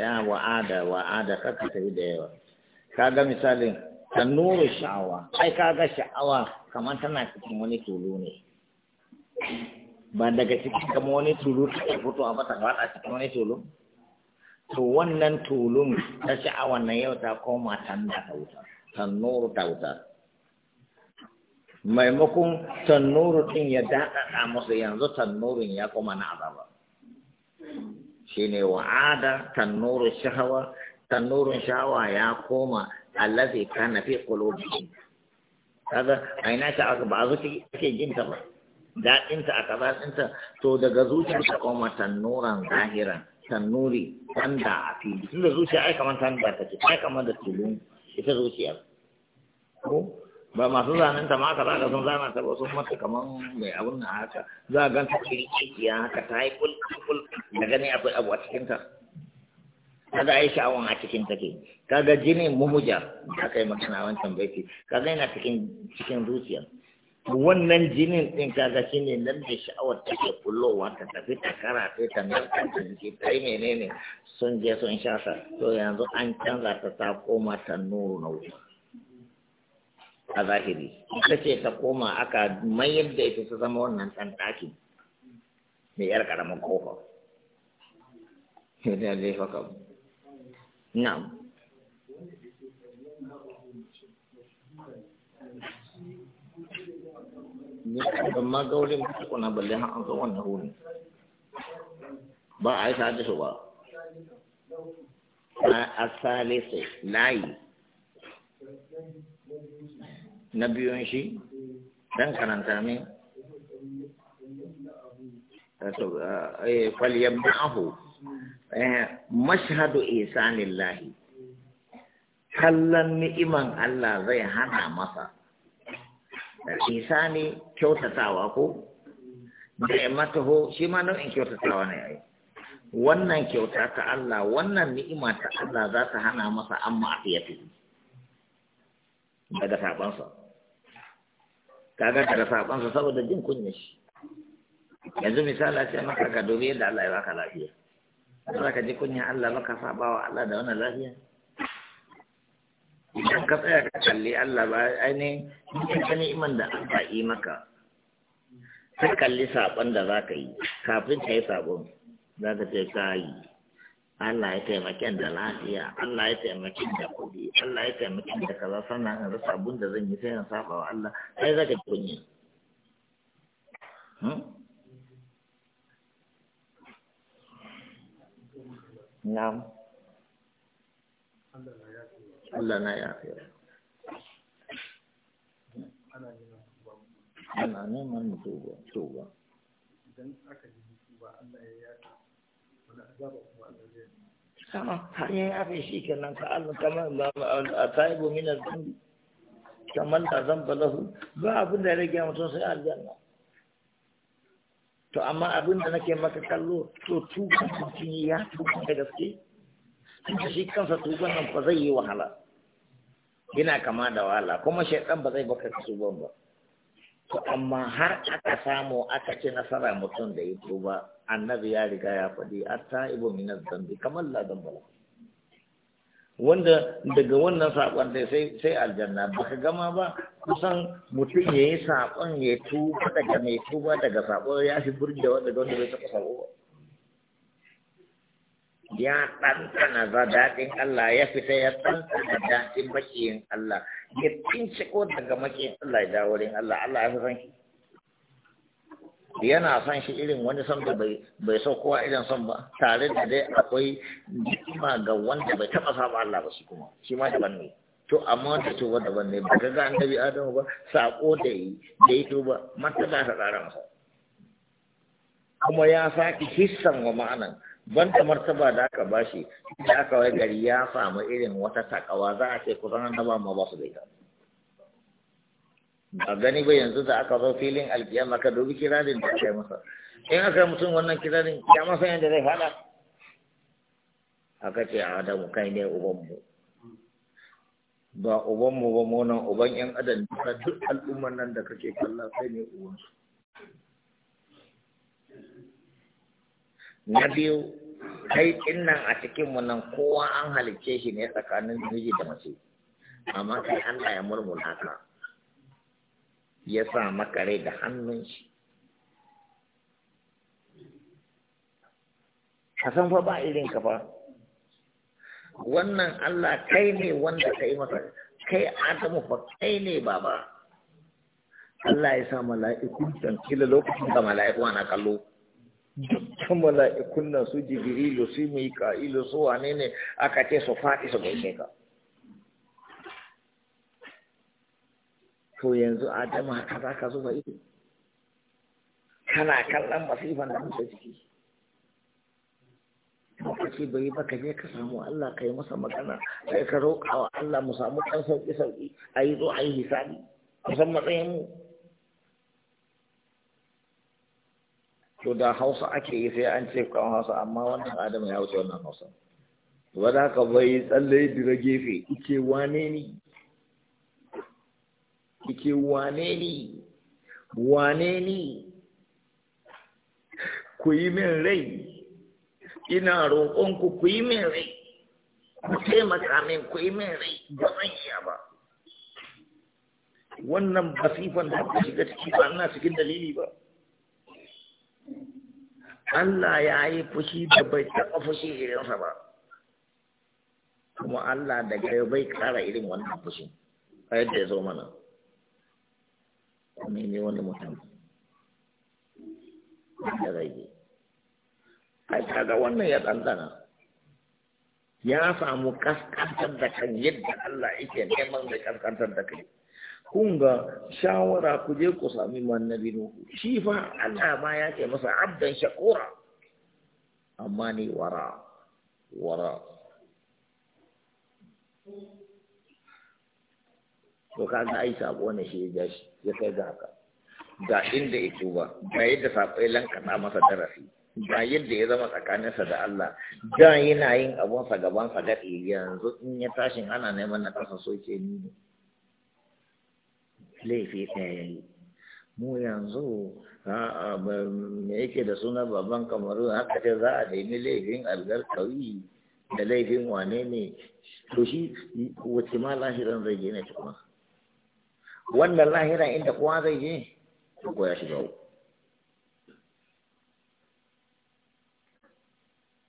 ya wa'ada wa'ada kaka ta yi da yawa kaga misalin ta nuru sha'awa ai kaga sha'awa kamar tana cikin wani tulu ne ba daga cikin kama wani tulu ta ke fito a bata faɗa cikin wani tulu to wannan tulun ta sha'awa na yau ta koma tanda ta wuta ta nuru ta wuta maimakon tannuru ɗin ya daɗaɗa masa yanzu tannurin ya kuma na azaba shi ne wa'ada tannuru shahawa tannurin shahawa ya koma allazi na fi A kaga aina ta aka ba zuci ake jin ta ba daɗinta a to daga zuciya ta koma tannuran zahiran tannuri tanda a fili da zuciya ai kamar tanda take ai kamar da tulun ita zuciyar ba masu zanen ta za aka san sun zana ta ba sun mata kaman mai abun na haka za a ganta ciki ya haka ta yi kulkul da gani akwai abu a cikin ta ga aisha awon a cikin take ga jini mumuja da aka yi magana wancan baiti ga yana cikin cikin zuciya wannan jinin din kaga ne nan da sha'awar ta take kullowa ta tafi ta kara ta ta nan ta jiki ta yi menene sun je sun shasa to yanzu an canza ta ta koma ta nuru na wuta a zahiri ita ce ta koma aka mayar da ita ta zama wannan ɗan ɗaki mai yar ƙaramin kofa da zai haka na ba ma gaurin kuna balle har an zo wannan huni ba a yi sa ba a asali sai layi na biyun shi dan karanta min eh, eh, falyamna'ahu eh, mashhadu ihsanillahi kallon ni'iman Allah zai hana masa ihsani kyautatawa ko ni'matahu shi ma nau'in kyautatawa ne ai wannan kyauta ta Allah wannan ni'ima ta Allah za ta hana masa amma a afiyatu daga sa. kaga daga sabansa saboda jin kunya shi yanzu misali ce maka ka dubi yadda Allah ya baka lafiya za ka ji kunya Allah baka saba wa Allah da wannan lafiya idan ka tsaya ka kalli Allah ba ainihin ka ni'iman da an yi maka ka kalli saban da za ka yi kafin ka yi sabon za ka ce ka yi Allah ya taimake da lafiya Allah ya taimake da kuɗi Allah ya taimake da kaza sannan in rasa abin da zan yi sai in saba wa Allah sai zaka kunya hmm? Na'am Allah na ya fi ana neman tuba tuba idan aka ji tuba Allah ya sama ya fi shi kenan ka Allah kamar ba a taibu ba abin da ya rage mutum sai aljanna amma abin da nake maka kallo to da gaske shi kansa ba zai yi wahala yana kama da wahala kuma shaidan ba zai baka tuban ba to amma har aka samu aka ci nasara mutum da ya tuba annabi ya riga ya faɗi ta ibo minas zambi kamar ladan bala. wanda daga wannan saƙon da sai sai aljanna baka gama ba kusan mutum ya yi saƙon ya tuba daga mai tuba daga saƙon ya fi burgewa daga wanda bai taɓa saƙo ba ya ɗanɗana za daɗin Allah ya fita ya ɗanɗana daɗin makiyin Allah ya ko daga makiyin Allah ya dawo wurin Allah Allah ya fi son. shi yana son shi irin wani son da bai bai so kowa irin son ba tare da dai akwai ni'ima ga wanda bai taba saba Allah ba shi kuma shi ma daban ne to amma da to daban ne ba ga ga annabi Adamu ba sako da yi da yi to ba mata ba ta tsara masa kuma ya saki hissan wa ma'anan ban da martaba da aka bashi da aka wai gari ya samu irin wata takawa za a ce kusan ba ma ba su da ita ba gani ba yanzu da aka zo filin alkiyama ka dubi kirarin da aka yi masa in aka mutum wannan kirarin ya masa yadda zai fada aka ce a adamu kai ne ubanmu ba ubanmu ba mu nan uban yan adam duk al'ummar nan da kake kalla sai ne ubansu na biyu kai nan a cikin mu nan kowa an halicce shi ne tsakanin miji da mace amma kai an ya murmula ka ya sa makare da hannun shi ka san fa ba irin ka fa wannan Allah kai ne wanda ka yi masa kai Adamu fa kai ne baba Allah ya sa mala'iku dan kila lokacin da mala'iku ana kallo dukkan mala'ikun nan su jibrilu su mika'ilu su wane ne aka ce su faɗi su bai ka to yanzu adama haka za ka zuba ido kana kallon masifan da muke ciki lokaci bai ba ka je ka samu Allah ka yi masa magana sai ka roƙa wa Allah mu samu ɗan sauƙi sauƙi a yi zo a yi hisabi musamman matsayin mu to da hausa ake yi sai an ce kan hausa amma wannan adam ya wuce wannan hausa za ka bai tsalle dira gefe ike wane ni ike wane ni wane ni ku yi min rai ina roƙonku ku yi min rai ku taimaka min ku yi min rai ba zan iya ba wannan basifan da ku shiga ciki ba ina cikin dalili ba Allah ya yi fushi da bai taɓa fushi irinsa ba kuma Allah da gare bai ƙara irin wannan fushi, a yadda ya zo mana Wani ne wani mutum ya rage ai kaga wannan ya ɗanɗana ya samu kaskantar da kan yadda Allah yake neman da kaskantar da kai kun ga shawara ku je ku sami mannabi nuhu shi fa Allah ma ya ce masa abdan shakura amma ni wara wara to kaga ai sabo ne shi ya shi ya kai ga haka ga inda ya tuba ga yadda sabai lanka lankata masa darasi ga yadda ya zama tsakaninsa da Allah da yana yin abunsa sa da yanzu in ya tashin ana neman na ƙasa soke ni ne laifi ɗaya ya yi mu yanzu me yake da suna babban kamaru haka ce za a daimi laifin algar kauyi da laifin wane ne to shi wace ma lahiran zai je na cikin wannan lahiran inda kowa zai je ko ya shiga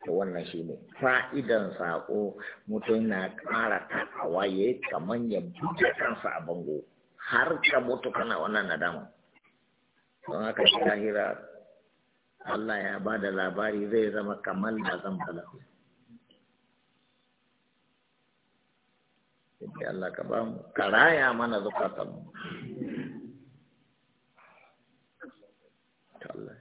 to wannan shi ne fa'idan sako mutum na ƙara takawa ya yi kamar ya buɗe kansa a bango har ka mutu kana wannan nadama don haka shi lahira Allah ya ba da labari zai zama kamar da zan bala sai Allah ka ba mu karaya mana zukatan Allah